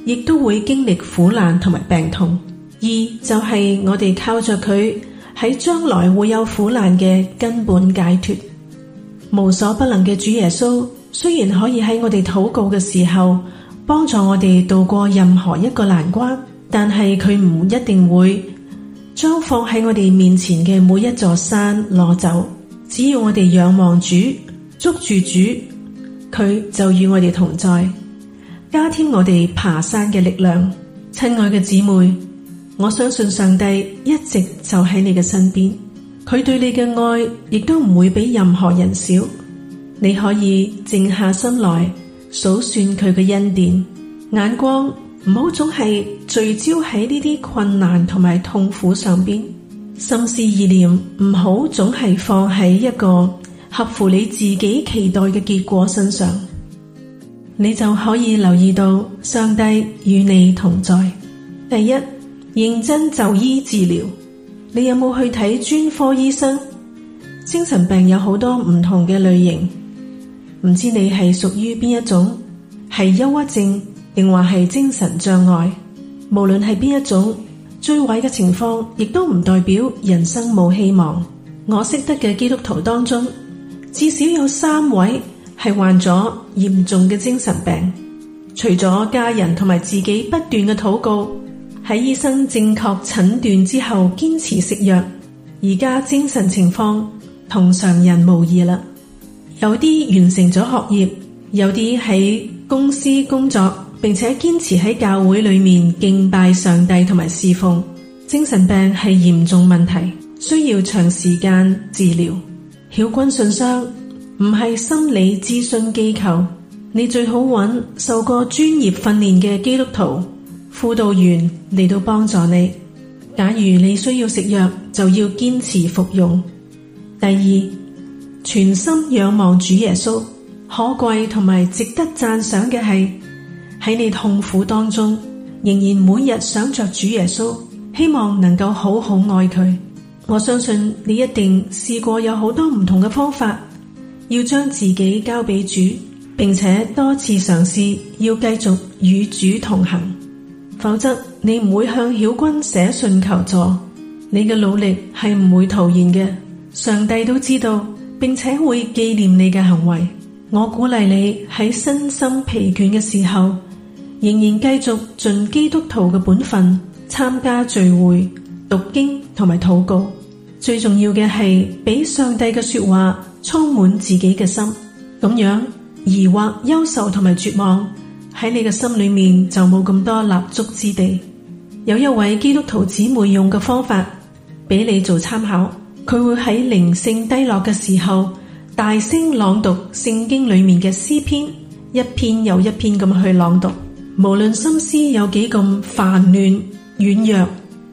亦都會經歷苦難同埋病痛。二就係、是、我哋靠着佢喺將來會有苦難嘅根本解脱。無所不能嘅主耶穌，雖然可以喺我哋禱告嘅時候幫助我哋度過任何一個難關，但係佢唔一定會。將放喺我哋面前嘅每一座山攞走，只要我哋仰望主，捉住主，佢就與我哋同在，加添我哋爬山嘅力量。親愛嘅姊妹，我相信上帝一直就喺你嘅身邊，佢對你嘅愛亦都唔會比任何人少。你可以靜下心來數算佢嘅恩典，眼光唔好總係，聚焦喺呢啲困難同埋痛苦上面，心思意念唔好總係放喺一個合乎你自己期待嘅結果身上，你就可以留意到上帝與你同在。第一，認真就醫治療，你有冇去睇專科醫生？精神病有好多唔同嘅類型，唔知道你係屬於邊一種？係憂鬱症定話係精神障礙？無論係邊一種最壞嘅情況，亦都唔代表人生冇希望。我識得嘅基督徒當中，至少有三位係患咗嚴重嘅精神病。除咗家人同埋自己不斷嘅禱告，喺醫生正確診斷之後，堅持食藥，而家精神情況同常人無異啦。有啲完成咗學業，有啲喺公司工作。並且堅持喺教會裏面敬拜上帝同埋侍奉。精神病係嚴重問題，需要長時間治療。曉君信箱唔係心理諮詢機構，你最好揾受過專業訓練嘅基督徒輔導員嚟到幫助你。假如你需要食藥，就要堅持服用。第二，全心仰望主耶穌，可貴同埋值得讚賞嘅係。喺你痛苦當中，仍然每日想着主耶穌，希望能夠好好愛佢。我相信你一定試過有好多唔同嘅方法，要將自己交俾主，並且多次嘗試要繼續與主同行。否則你唔會向曉君寫信求助。你嘅努力係唔會徒然嘅，上帝都知道，並且會紀念你嘅行為。我鼓勵你喺身心疲倦嘅時候，仍然繼續盡基督徒嘅本分，參加聚會、讀經同埋禱告。最重要嘅係俾上帝嘅說話充滿自己嘅心，咁樣疑惑、憂愁同埋絕望喺你嘅心裏面就冇咁多立足之地。有一位基督徒姊妹用嘅方法俾你做參考，佢會喺靈性低落嘅時候大聲朗讀聖經裏面嘅詩篇，一篇又一篇咁去朗讀。無論心思有幾咁煩亂軟弱，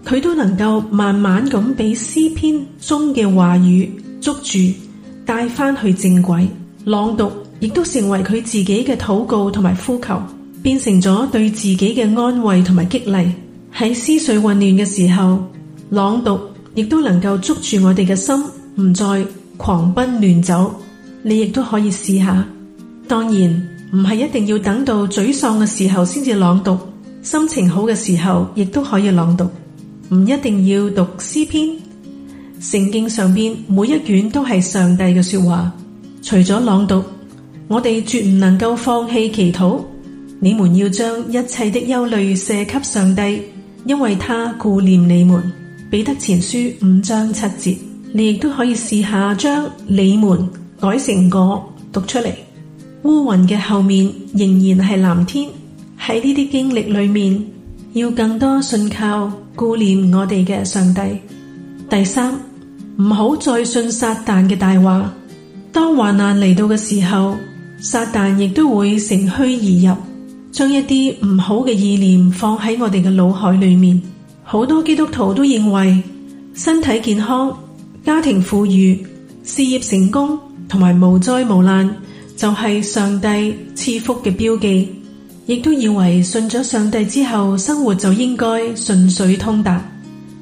佢都能夠慢慢咁俾詩篇中嘅話語捉住，帶返去正軌。朗讀亦都成為佢自己嘅禱告同埋呼求，變成咗對自己嘅安慰同埋激勵。喺思緒混亂嘅時候，朗讀亦都能夠捉住我哋嘅心，唔再狂奔亂走。你亦都可以試下，當然。唔係一定要等到沮喪嘅時候先至朗讀，心情好嘅時候亦都可以朗讀。唔一定要讀詩篇，聖經上邊每一卷都係上帝嘅說話。除咗朗讀，我哋絕唔能夠放棄祈禱。你們要將一切的憂慮卸給上帝，因為他顧念你們。彼得前書五章七節，你亦都可以試下將你們改成我讀出嚟。烏雲嘅後面仍然係藍天。喺呢啲經歷裏面，要更多信靠顧念我哋嘅上帝。第三，唔好再信撒旦嘅大話。當患難嚟到嘅時候，撒旦亦都會乘虛而入，將一啲唔好嘅意念放喺我哋嘅腦海裏面。好多基督徒都認為身體健康、家庭富裕、事業成功同埋無災無難。就係上帝賜福嘅標記，亦都以為信咗上帝之後，生活就應該順水通達。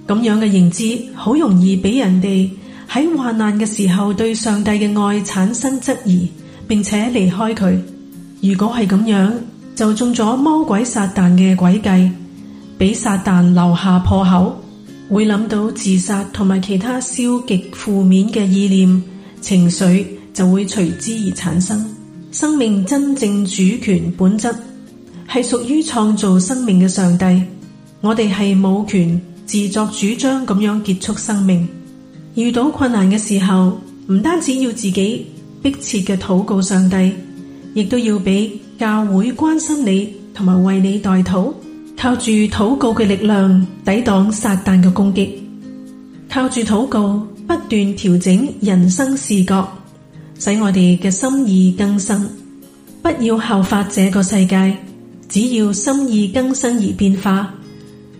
咁樣嘅認知，好容易俾人哋喺患難嘅時候對上帝嘅愛產生質疑，並且離開佢。如果係咁樣，就中咗魔鬼撒旦嘅詭計，俾撒旦留下破口，會諗到自殺同埋其他消極負面嘅意念、情緒。就會隨之而產生。生命真正主權本質係屬於創造生命嘅上帝。我哋係冇權自作主張咁樣結束生命。遇到困難嘅時候，唔單止要自己迫切嘅禱告上帝，亦都要俾教會關心你，同埋為你代禱。靠住禱告嘅力量抵擋撒旦嘅攻擊，靠住禱告不斷調整人生視角。使我哋嘅心意更新，不要效法這個世界，只要心意更新而變化。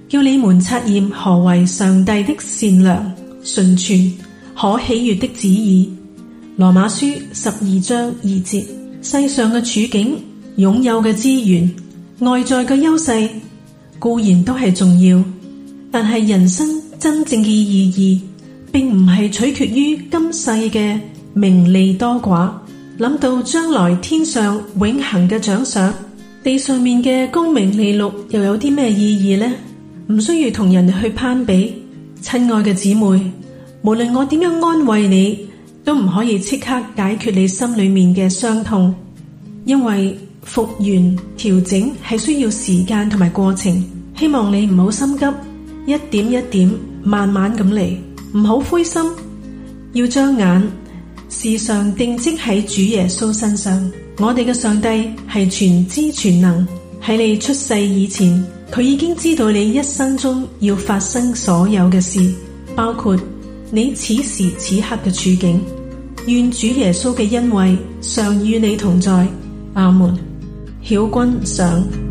叫你們察驗何為上帝的善良、純全、可喜悅的旨意。羅馬書十二章二節。世上嘅處境、擁有嘅資源、外在嘅優勢固然都係重要，但係人生真正嘅意義，並唔係取決於今世嘅，名利多寡，諗到將來天上永恆嘅獎賞，地上面嘅功名利祿又有啲咩意義咧？唔需要同人去攀比。親愛嘅姊妹，無論我點樣安慰你，都唔可以即刻解決你心裏面嘅傷痛，因為復原調整係需要時間同埋過程。希望你唔好心急，一點一點，慢慢咁嚟，唔好灰心，要將眼。時常定睛喺主耶穌身上，我哋嘅上帝係全知全能，喺你出世以前，佢已經知道你一生中要發生所有嘅事，包括你此時此刻嘅處境。願主耶穌嘅恩惠常與你同在。阿門。曉君上。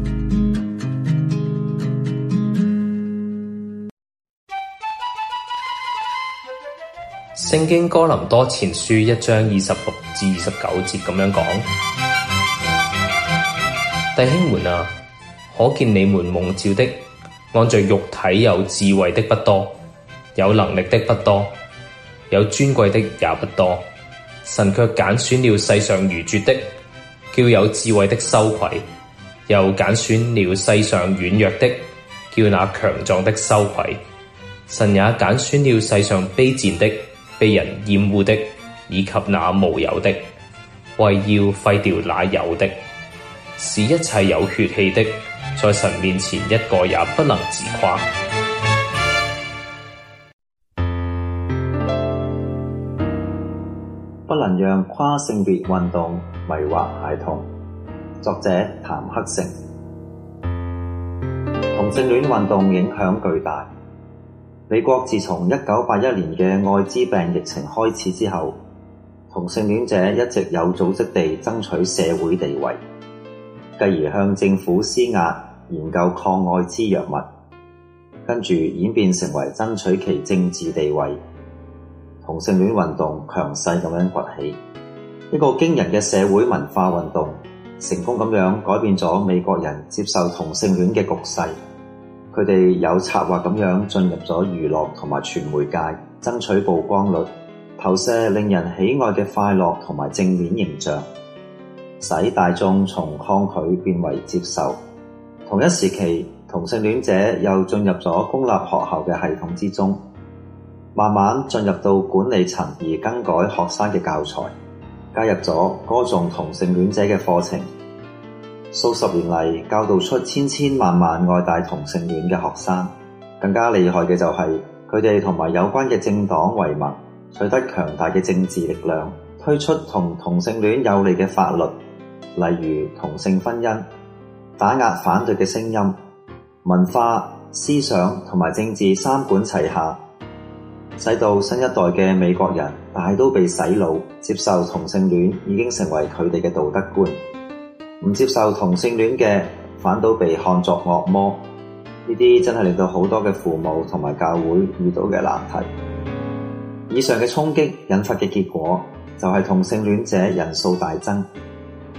聖經哥林多前書一章二十六至二十九節咁樣講：弟兄們啊，可見你們蒙召的，按着肉體有智慧的不多，有能力的不多，有尊貴的也不多。神卻揀選了世上愚拙的，叫有智慧的羞愧；又揀選了世上軟弱的，叫那強壯的羞愧。神也揀選了世上卑賤的。被人厭惡的，以及那無有的，為要廢掉那有的，使一切有血氣的，在神面前一個也不能自誇。不能讓跨性別運動迷惑孩童。作者譚克成。同性戀運動影響巨大。美國自從一九八一年嘅愛滋病疫情開始之後，同性戀者一直有組織地爭取社會地位，繼而向政府施壓研究抗愛滋藥物，跟住演變成為爭取其政治地位。同性戀運動強勢咁樣崛起，一個驚人嘅社會文化運動，成功咁樣改變咗美國人接受同性戀嘅局勢。佢哋有策劃咁樣進入咗娛樂同埋傳媒界，爭取曝光率，投射令人喜愛嘅快樂同埋正面形象，使大眾從抗拒變為接受。同一時期，同性戀者又進入咗公立學校嘅系統之中，慢慢進入到管理層而更改學生嘅教材，加入咗歌頌同性戀者嘅課程。數十年嚟，教導出千千萬萬愛戴同性戀嘅學生，更加厲害嘅就係佢哋同埋有關嘅政黨為盟取得強大嘅政治力量，推出同同性戀有利嘅法律，例如同性婚姻，打壓反對嘅聲音，文化、思想同埋政治三管齊下，使到新一代嘅美國人大都被洗腦，接受同性戀已經成為佢哋嘅道德觀。唔接受同性戀嘅反倒被看作惡魔，呢啲真係令到好多嘅父母同埋教會遇到嘅難題。以上嘅衝擊引發嘅結果，就係同性戀者人數大增。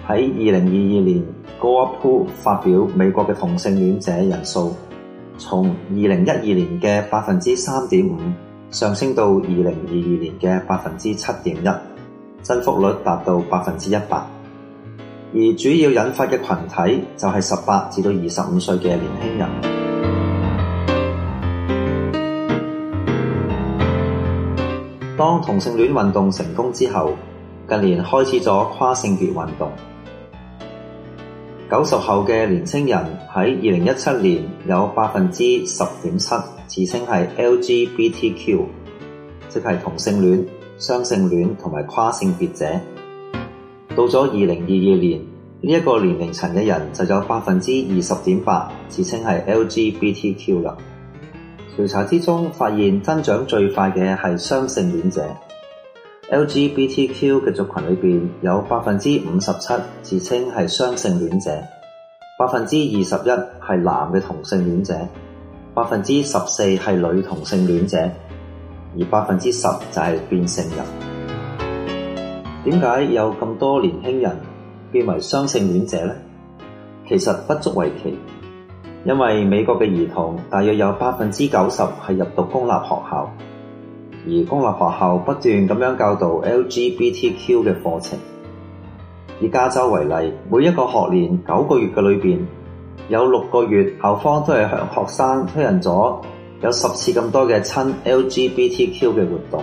喺二零二二年，高普發表美國嘅同性戀者人數從二零一二年嘅百分之三點五上升到二零二二年嘅百分之七點一，增幅率達到百分之一百。而主要引發嘅群體就係十八至到二十五歲嘅年輕人。當同性戀運動成功之後，近年開始咗跨性別運動。九十後嘅年輕人喺二零一七年有百分之十點七，自稱係 LGBTQ，即係同性戀、雙性戀同埋跨性別者。到咗二零二二年，呢、這、一個年齡層嘅人就有百分之二十點八自稱係 LGBTQ 啦。調查之中發現增長最快嘅係雙性戀者，LGBTQ 嘅族群裏邊有百分之五十七自稱係雙性戀者，百分之二十一係男嘅同性戀者，百分之十四係女同性戀者，而百分之十就係、是、變性人。點解有咁多年輕人變為雙性戀者呢？其實不足為奇，因為美國嘅兒童大約有百分之九十係入讀公立學校，而公立學校不斷咁樣教導 LGBTQ 嘅課程。以加州為例，每一個學年九個月嘅裏邊，有六個月校方都係向學生推行咗有十次咁多嘅親 LGBTQ 嘅活動。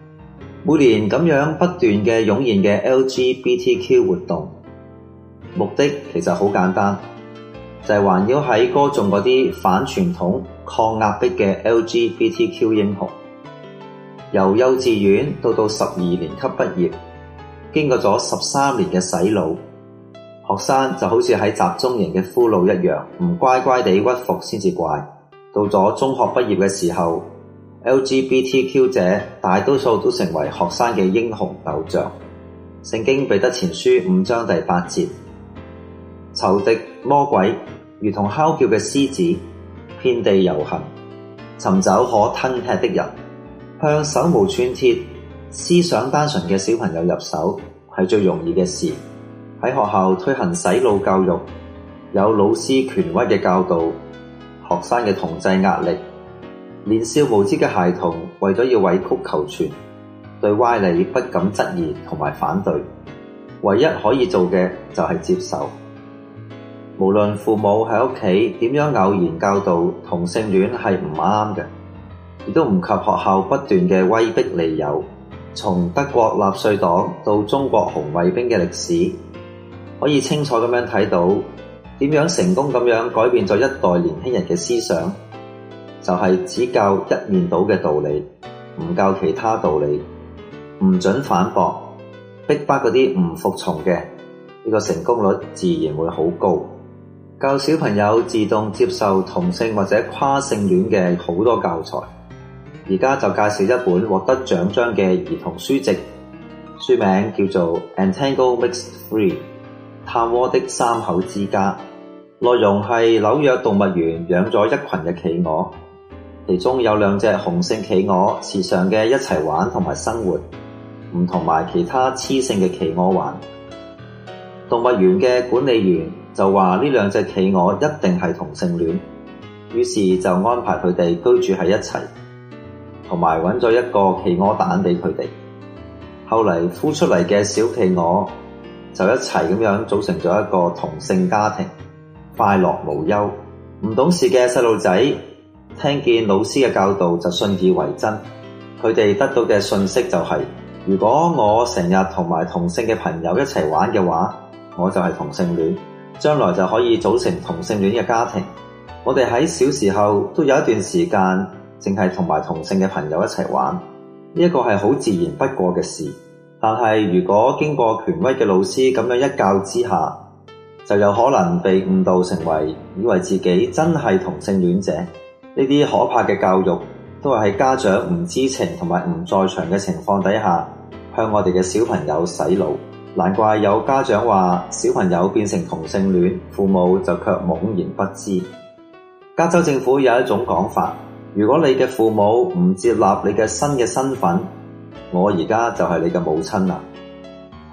每年咁樣不斷嘅湧現嘅 LGBTQ 活動，目的其實好簡單，就係環繞喺歌頌嗰啲反傳統、抗壓迫嘅 LGBTQ 英雄。由幼稚園到到十二年級畢業，經過咗十三年嘅洗腦，學生就好似喺集中營嘅俘虜一樣，唔乖乖地屈服先至怪。到咗中學畢業嘅時候，LGBTQ 者大多數都成為學生嘅英雄偶像。聖經彼得前書五章第八節：仇敵魔鬼，如同吼叫嘅獅子，遍地遊行，尋找可吞吃的人。向手無寸鐵、思想單純嘅小朋友入手係最容易嘅事。喺學校推行洗腦教育，有老師權威嘅教導，學生嘅同儕壓力。年少無知嘅孩童為咗要委曲求全，對歪理不敢質疑同埋反對，唯一可以做嘅就係接受。無論父母喺屋企點樣偶然教導同性戀係唔啱嘅，亦都唔及學校不斷嘅威逼利誘。從德國納粹黨到中國紅衛兵嘅歷史，可以清楚咁樣睇到點樣成功咁樣改變咗一代年輕人嘅思想。就係只教一面倒嘅道理，唔教其他道理，唔准反駁，逼迫嗰啲唔服從嘅，呢、呢個成功率自然會好高。教小朋友自動接受同性或者跨性戀嘅好多教材，而家就介紹一本獲得獎章嘅兒童書籍，書名叫做《And Tango Makes Three 探窩的三口之家》。內容係紐約動物園養咗一群嘅企鵝。其中有兩隻雄性企鵝時常嘅一齊玩同埋生活，唔同埋其他雌性嘅企鵝玩。動物園嘅管理員就話呢兩隻企鵝一定係同性戀，於是就安排佢哋居住喺一齊，同埋揾咗一個企鵝蛋俾佢哋。後嚟孵出嚟嘅小企鵝就一齊咁樣組成咗一個同性家庭，快樂無憂，唔懂事嘅細路仔。聽見老師嘅教導，就信以為真，佢哋得到嘅信息就係：如果我成日同埋同性嘅朋友一齊玩嘅話，我就係同性戀，將來就可以組成同性戀嘅家庭。我哋喺小時候都有一段時間淨係同埋同性嘅朋友一齊玩，呢一個係好自然不過嘅事。但係如果經過權威嘅老師咁樣一教之下，就有可能被誤導成為以為自己真係同性戀者。呢啲可怕嘅教育，都係喺家長唔知情同埋唔在場嘅情況底下，向我哋嘅小朋友洗腦。難怪有家長話，小朋友變成同性戀，父母就卻懵然不知。加州政府有一種講法，如果你嘅父母唔接納你嘅新嘅身份，我而家就係你嘅母親啦。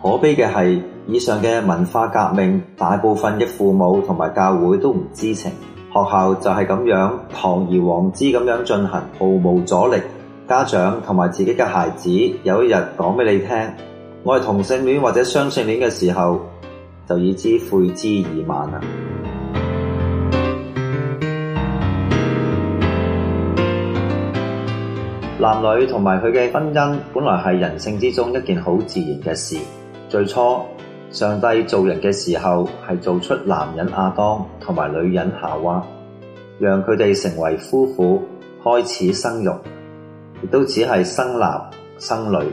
可悲嘅係，以上嘅文化革命，大部分嘅父母同埋教會都唔知情。學校就係咁樣堂而皇之咁樣進行，毫無阻力。家長同埋自己嘅孩子有一日講俾你聽，我係同性戀或者雙性戀嘅時候，就已知悔之已晚啦。男女同埋佢嘅婚姻本來係人性之中一件好自然嘅事，最初。上帝造人嘅時候係做出男人亞當同埋女人夏娃，讓佢哋成為夫婦，開始生育，亦都只係生男生女。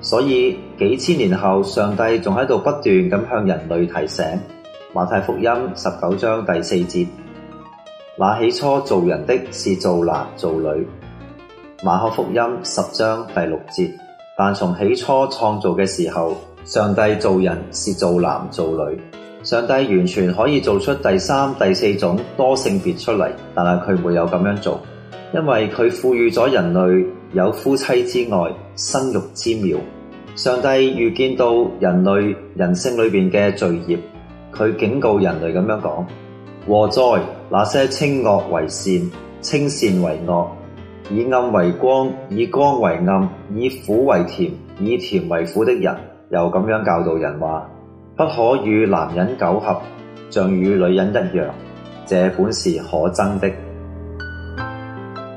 所以幾千年後，上帝仲喺度不斷咁向人類提醒：馬太福音十九章第四節，那起初造人的是造男造女；馬可福音十章第六節，但從起初創造嘅時候。上帝造人是造男造女，上帝完全可以做出第三、第四種多性別出嚟，但係佢沒有咁樣做，因為佢賦予咗人類有夫妻之愛、生育之妙，上帝預見到人類人性裏邊嘅罪孽，佢警告人類咁樣講，禍哉那些稱惡為善、稱善為惡、以暗為光、以光為暗、以苦為甜、以甜為苦的人。又咁樣教導人話：不可與男人苟合，像與女人一樣，這本是可憎的。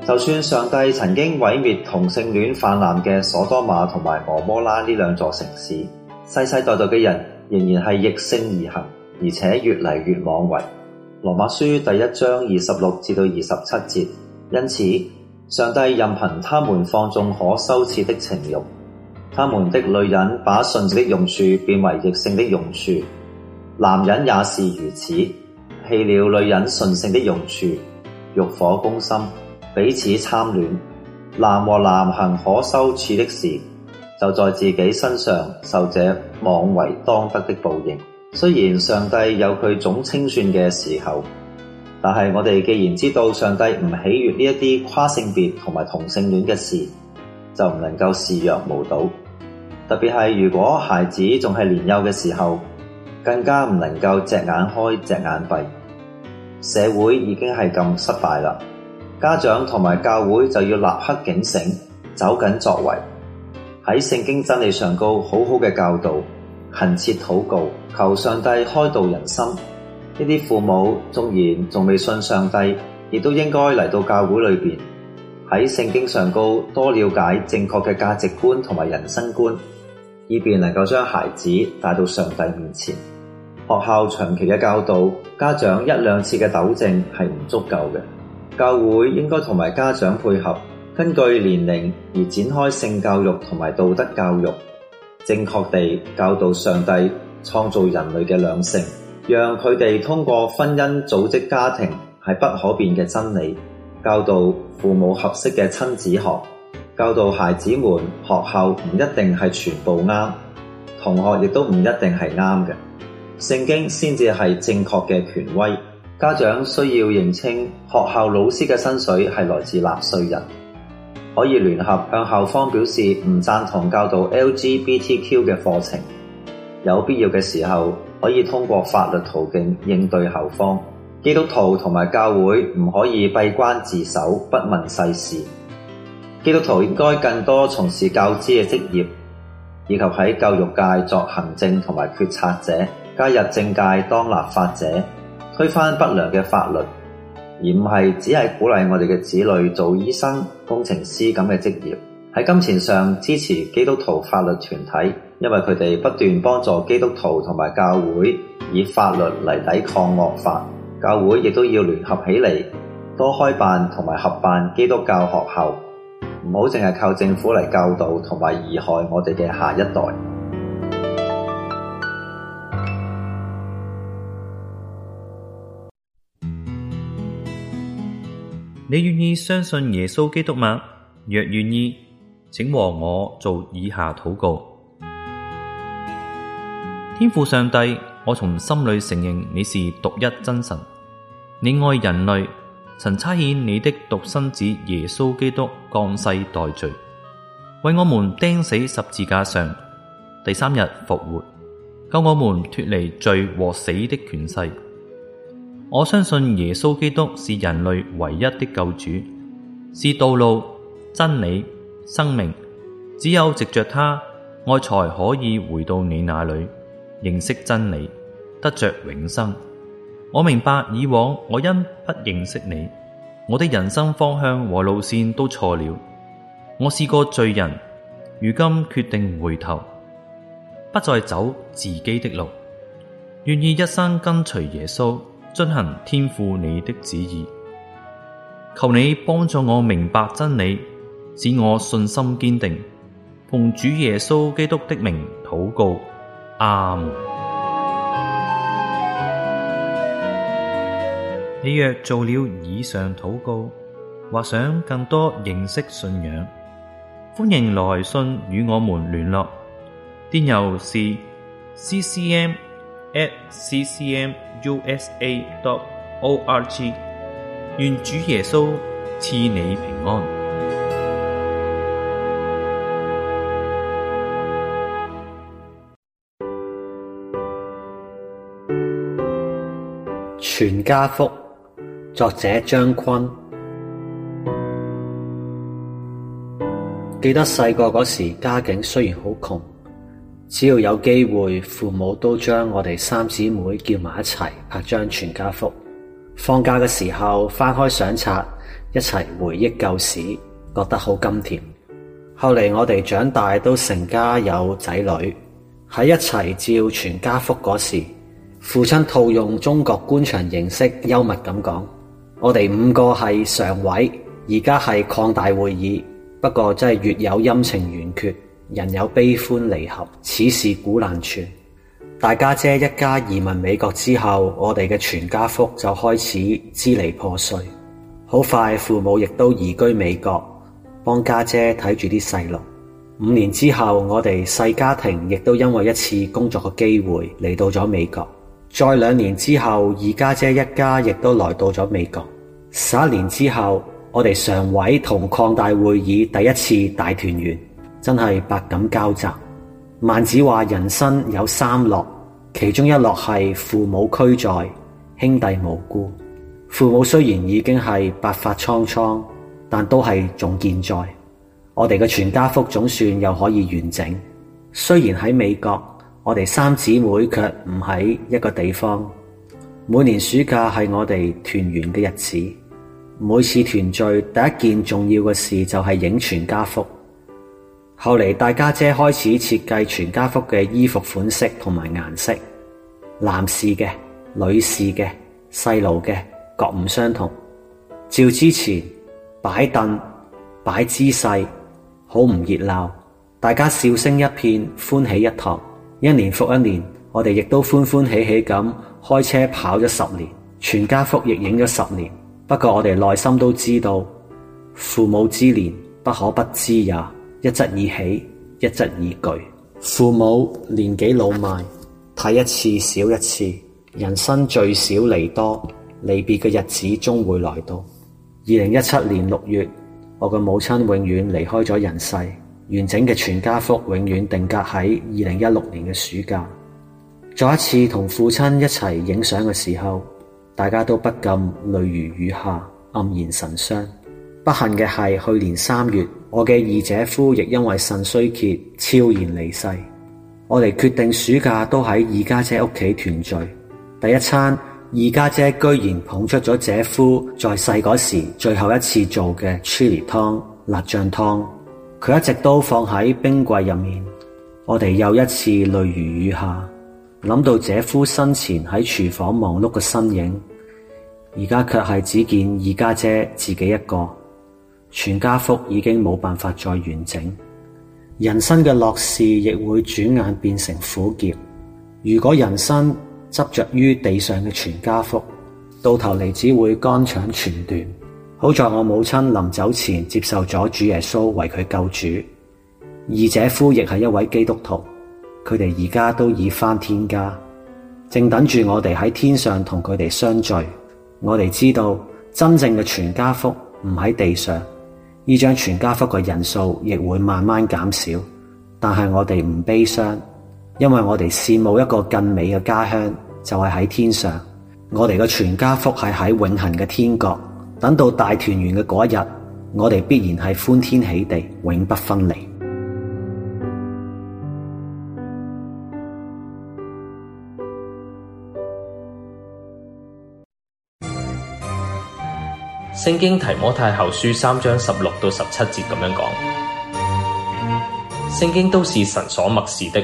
就算上帝曾經毀滅同性戀泛濫嘅索多瑪同埋俄摩拉呢兩座城市，世世代代嘅人仍然係逆性而行，而且越嚟越妄為。羅馬書第一章二十六至到二十七節，因此上帝任憑他們放縱可羞恥的情慾。他們的女人把順性的用處變為逆性的用處，男人也是如此，棄了女人順性的用處，欲火攻心，彼此貪戀，男和男行可羞恥的事，就在自己身上受這妄為當得的報應。雖然上帝有佢總清算嘅時候，但係我哋既然知道上帝唔喜悅呢一啲跨性別同埋同性戀嘅事，就唔能夠視若無睹。特別係如果孩子仲係年幼嘅時候，更加唔能夠隻眼開隻眼閉。社會已經係咁失敗啦，家長同埋教會就要立刻警醒，走緊作為。喺聖經真理上高好好嘅教導，懇切禱告，求上帝開導人心。呢啲父母縱然仲未信上帝，亦都應該嚟到教會裏邊，喺聖經上高多了解正確嘅價值觀同埋人生觀。以便能夠將孩子帶到上帝面前。學校長期嘅教導，家長一兩次嘅糾正係唔足夠嘅。教會應該同埋家長配合，根據年齡而展開性教育同埋道德教育，正確地教導上帝創造人類嘅兩性，讓佢哋通過婚姻組織家庭係不可變嘅真理。教導父母合適嘅親子學。教導孩子們，學校唔一定係全部啱，同學亦都唔一定係啱嘅。聖經先至係正確嘅權威。家長需要認清學校老師嘅薪水係來自納稅人，可以聯合向校方表示唔贊同教導 LGBTQ 嘅課程。有必要嘅時候，可以通過法律途徑應對校方。基督徒同埋教會唔可以閉關自守，不問世事。基督徒應該更多從事教師嘅職業，以及喺教育界作行政同埋決策者，加入政界當立法者，推翻不良嘅法律，而唔係只係鼓勵我哋嘅子女做醫生、工程師咁嘅職業。喺金錢上支持基督徒法律團體，因為佢哋不斷幫助基督徒同埋教會以法律嚟抵抗惡法。教會亦都要聯合起嚟，多開辦同埋合辦基督教學校。唔好淨係靠政府嚟教導同埋危害我哋嘅下一代。你願意相信耶穌基督嗎？若願意，請和我做以下禱告。天父上帝，我從心裡承認你是獨一真神，你愛人類。曾差遣你的獨生子耶穌基督降世代罪，為我們釘死十字架上，第三日復活，救我們脫離罪和死的權勢。我相信耶穌基督是人類唯一的救主，是道路、真理、生命。只有藉着他，我才可以回到你那裏，認識真理，得着永生。我明白以往我因不認識你，我的人生方向和路線都錯了。我是個罪人，如今決定回頭，不再走自己的路，願意一生跟隨耶穌，遵行天父你的旨意。求你幫助我明白真理，使我信心堅定。奉主耶穌基督的名禱告，阿門。你若做了以上禱告，或想更多認識信仰，歡迎來信與我們聯絡，電郵是 CCM at CCMUSA dot org。願主耶穌賜你平安，全家福。作者張坤記得細個嗰時，家境雖然好窮，只要有機會，父母都將我哋三姊妹叫埋一齊拍張全家福。放假嘅時候翻開相冊，一齊回憶舊事，覺得好甘甜。後嚟我哋長大都成家有仔女，喺一齊照全家福嗰時，父親套用中國官場形式，幽默咁講。我哋五個係常委，而家係擴大會議。不過真係月有陰晴圓缺，人有悲歡離合，此事古難全。大家姐一家移民美國之後，我哋嘅全家福就開始支離破碎。好快，父母亦都移居美國，幫家姐睇住啲細路。五年之後，我哋細家庭亦都因為一次工作嘅機會嚟到咗美國。再兩年之後，二家姐一家亦都來到咗美國。十一年之後，我哋常委同擴大會議第一次大團圓，真係百感交集。孟子話：人生有三樂，其中一樂係父母俱在，兄弟無辜。父母雖然已經係白髮蒼蒼，但都係仲健在。我哋嘅全家福總算又可以完整。雖然喺美國，我哋三姊妹卻唔喺一個地方。每年暑假係我哋團圓嘅日子。每次團聚，第一件重要嘅事就係影全家福。後嚟大家姐開始設計全家福嘅衣服款式同埋顏色，男士嘅、女士嘅、細路嘅各唔相同。照之前，擺凳、擺姿勢，好唔熱鬧，大家笑聲一片，歡喜一堂。一年復一年，我哋亦都歡歡喜喜咁開車跑咗十年，全家福亦影咗十年。不過我哋內心都知道，父母之年不可不知也。一則以喜，一則以懼。父母年紀老邁，睇一次少一次，人生聚少離多，離別嘅日子終會來到。二零一七年六月，我嘅母親永遠離開咗人世。完整嘅全家福永遠定格喺二零一六年嘅暑假。再一次同父親一齊影相嘅時候，大家都不禁淚如雨下，黯然神傷。不幸嘅係，去年三月，我嘅二姐夫亦因為腎衰竭悄然離世。我哋決定暑假都喺二家姐屋企團聚。第一餐，二家姐居然捧出咗姐夫在世嗰時最後一次做嘅 chili 湯、辣醬湯，佢一直都放喺冰櫃入面。我哋又一次淚如雨下。諗到姐夫生前喺廚房忙碌嘅身影，而家卻係只見二家姐自己一個，全家福已經冇辦法再完整。人生嘅樂事亦會轉眼變成苦澀。如果人生執着於地上嘅全家福，到頭嚟只會肝腸寸斷。好在我母親臨走前接受咗主耶穌為佢救主，二姐夫亦係一位基督徒。佢哋而家都已返天家，正等住我哋喺天上同佢哋相聚。我哋知道真正嘅全家福唔喺地上，依張全家福嘅人數亦會慢慢減少。但係我哋唔悲傷，因為我哋羨慕一個更美嘅家鄉，就係喺天上。我哋嘅全家福係喺永恆嘅天國。等到大團圓嘅嗰一日，我哋必然係歡天喜地，永不分離。聖經提摩太後書三章十六到十七節咁樣講，聖經都是神所默示的，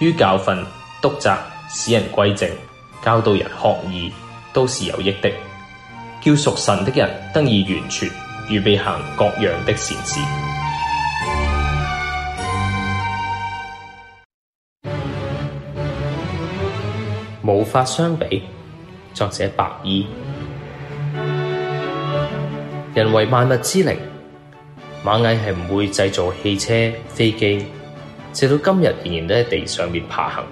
於教訓、督責、使人歸正、教導人學義，都是有益的，叫屬神的人得以完全，預備行各樣的善事，無法相比。作者白衣。人為萬物之靈，螞蟻係唔會製造汽車、飛機，直到今日仍然都喺地上面爬行。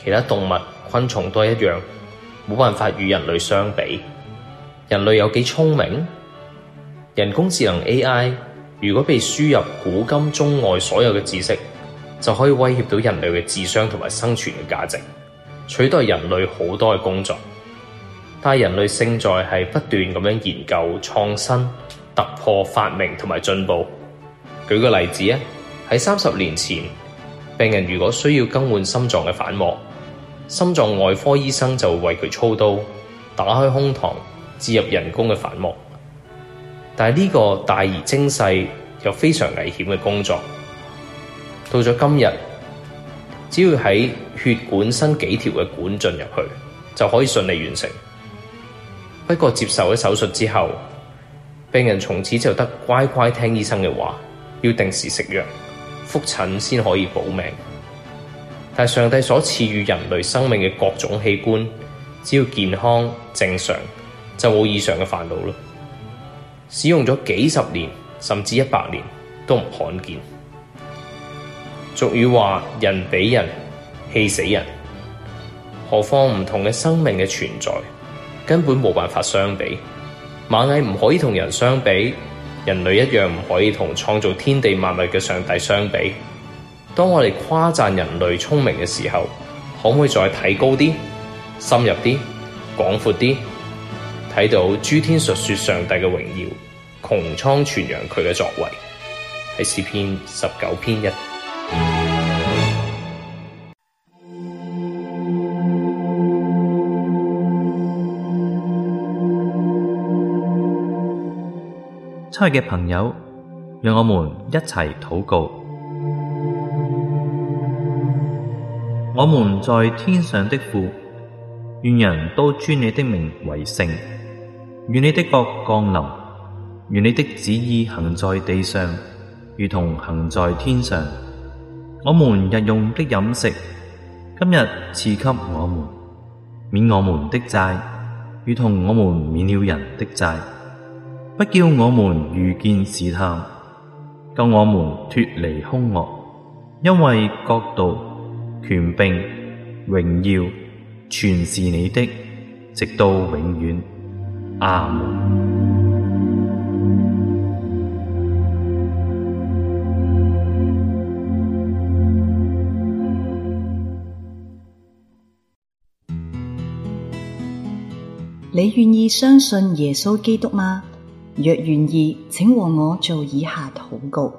其他動物、昆蟲都係一樣，冇辦法與人類相比。人類有幾聰明？人工智能 AI 如果被輸入古今中外所有嘅知識，就可以威脅到人類嘅智商同埋生存嘅價值，取代人類好多嘅工作。但人類勝在係不斷咁樣研究、創新、突破、發明同埋進步。舉個例子啊，喺三十年前，病人如果需要更換心臟嘅瓣膜，心臟外科醫生就會為佢操刀，打開胸膛，置入人工嘅瓣膜。但係呢個大而精細又非常危險嘅工作，到咗今日，只要喺血管伸幾條嘅管進入去，就可以順利完成。不過接受咗手術之後，病人從此就得乖乖聽醫生嘅話，要定時食藥、覆診先可以保命。但上帝所賜予人類生命嘅各種器官，只要健康正常，就冇以上嘅煩惱啦。使用咗幾十年甚至一百年都唔罕見。俗語話：人比人氣死人，何況唔同嘅生命嘅存在。根本冇辦法相比，螞蟻唔可以同人相比，人類一樣唔可以同創造天地萬物嘅上帝相比。當我哋誇讚人類聰明嘅時候，可唔可以再睇高啲、深入啲、廣闊啲，睇到諸天述說上帝嘅榮耀，穹蒼傳揚佢嘅作為，係詩篇十九篇一。親愛的朋友，讓我們一齊禱告。我們在天上的父，願人都尊你的名為聖。願你的國降臨。願你的旨意行在地上，如同行在天上。我們日用的飲食，今日賜給我們，免我們的債，如同我們免了人的債。不叫我們遇見試探，救我們脱離凶惡，因為國度、權柄、榮耀，全是你的，直到永遠。阿門。你願意相信耶穌基督嗎？若願意，請和我做以下禱告。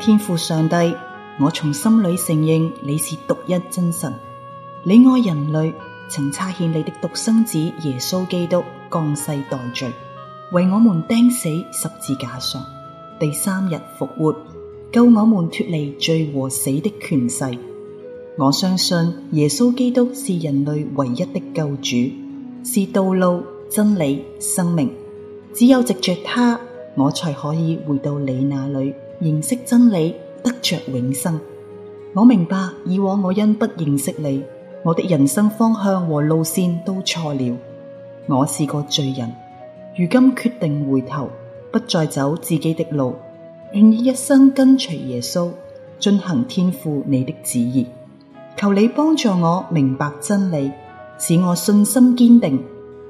天父上帝，我從心裏承認你是獨一真神，你愛人類，曾差遣你的獨生子耶穌基督降世代罪，為我們釘死十字架上，第三日復活，救我們脱離罪和死的權勢。我相信耶穌基督是人類唯一的救主，是道路。真理生命，只有藉着他，我才可以回到你那裏，認識真理，得着永生。我明白以往我因不認識你，我的人生方向和路線都錯了。我是個罪人，如今決定回頭，不再走自己的路，願意一生跟隨耶穌，進行天父你的旨意。求你幫助我明白真理，使我信心堅定。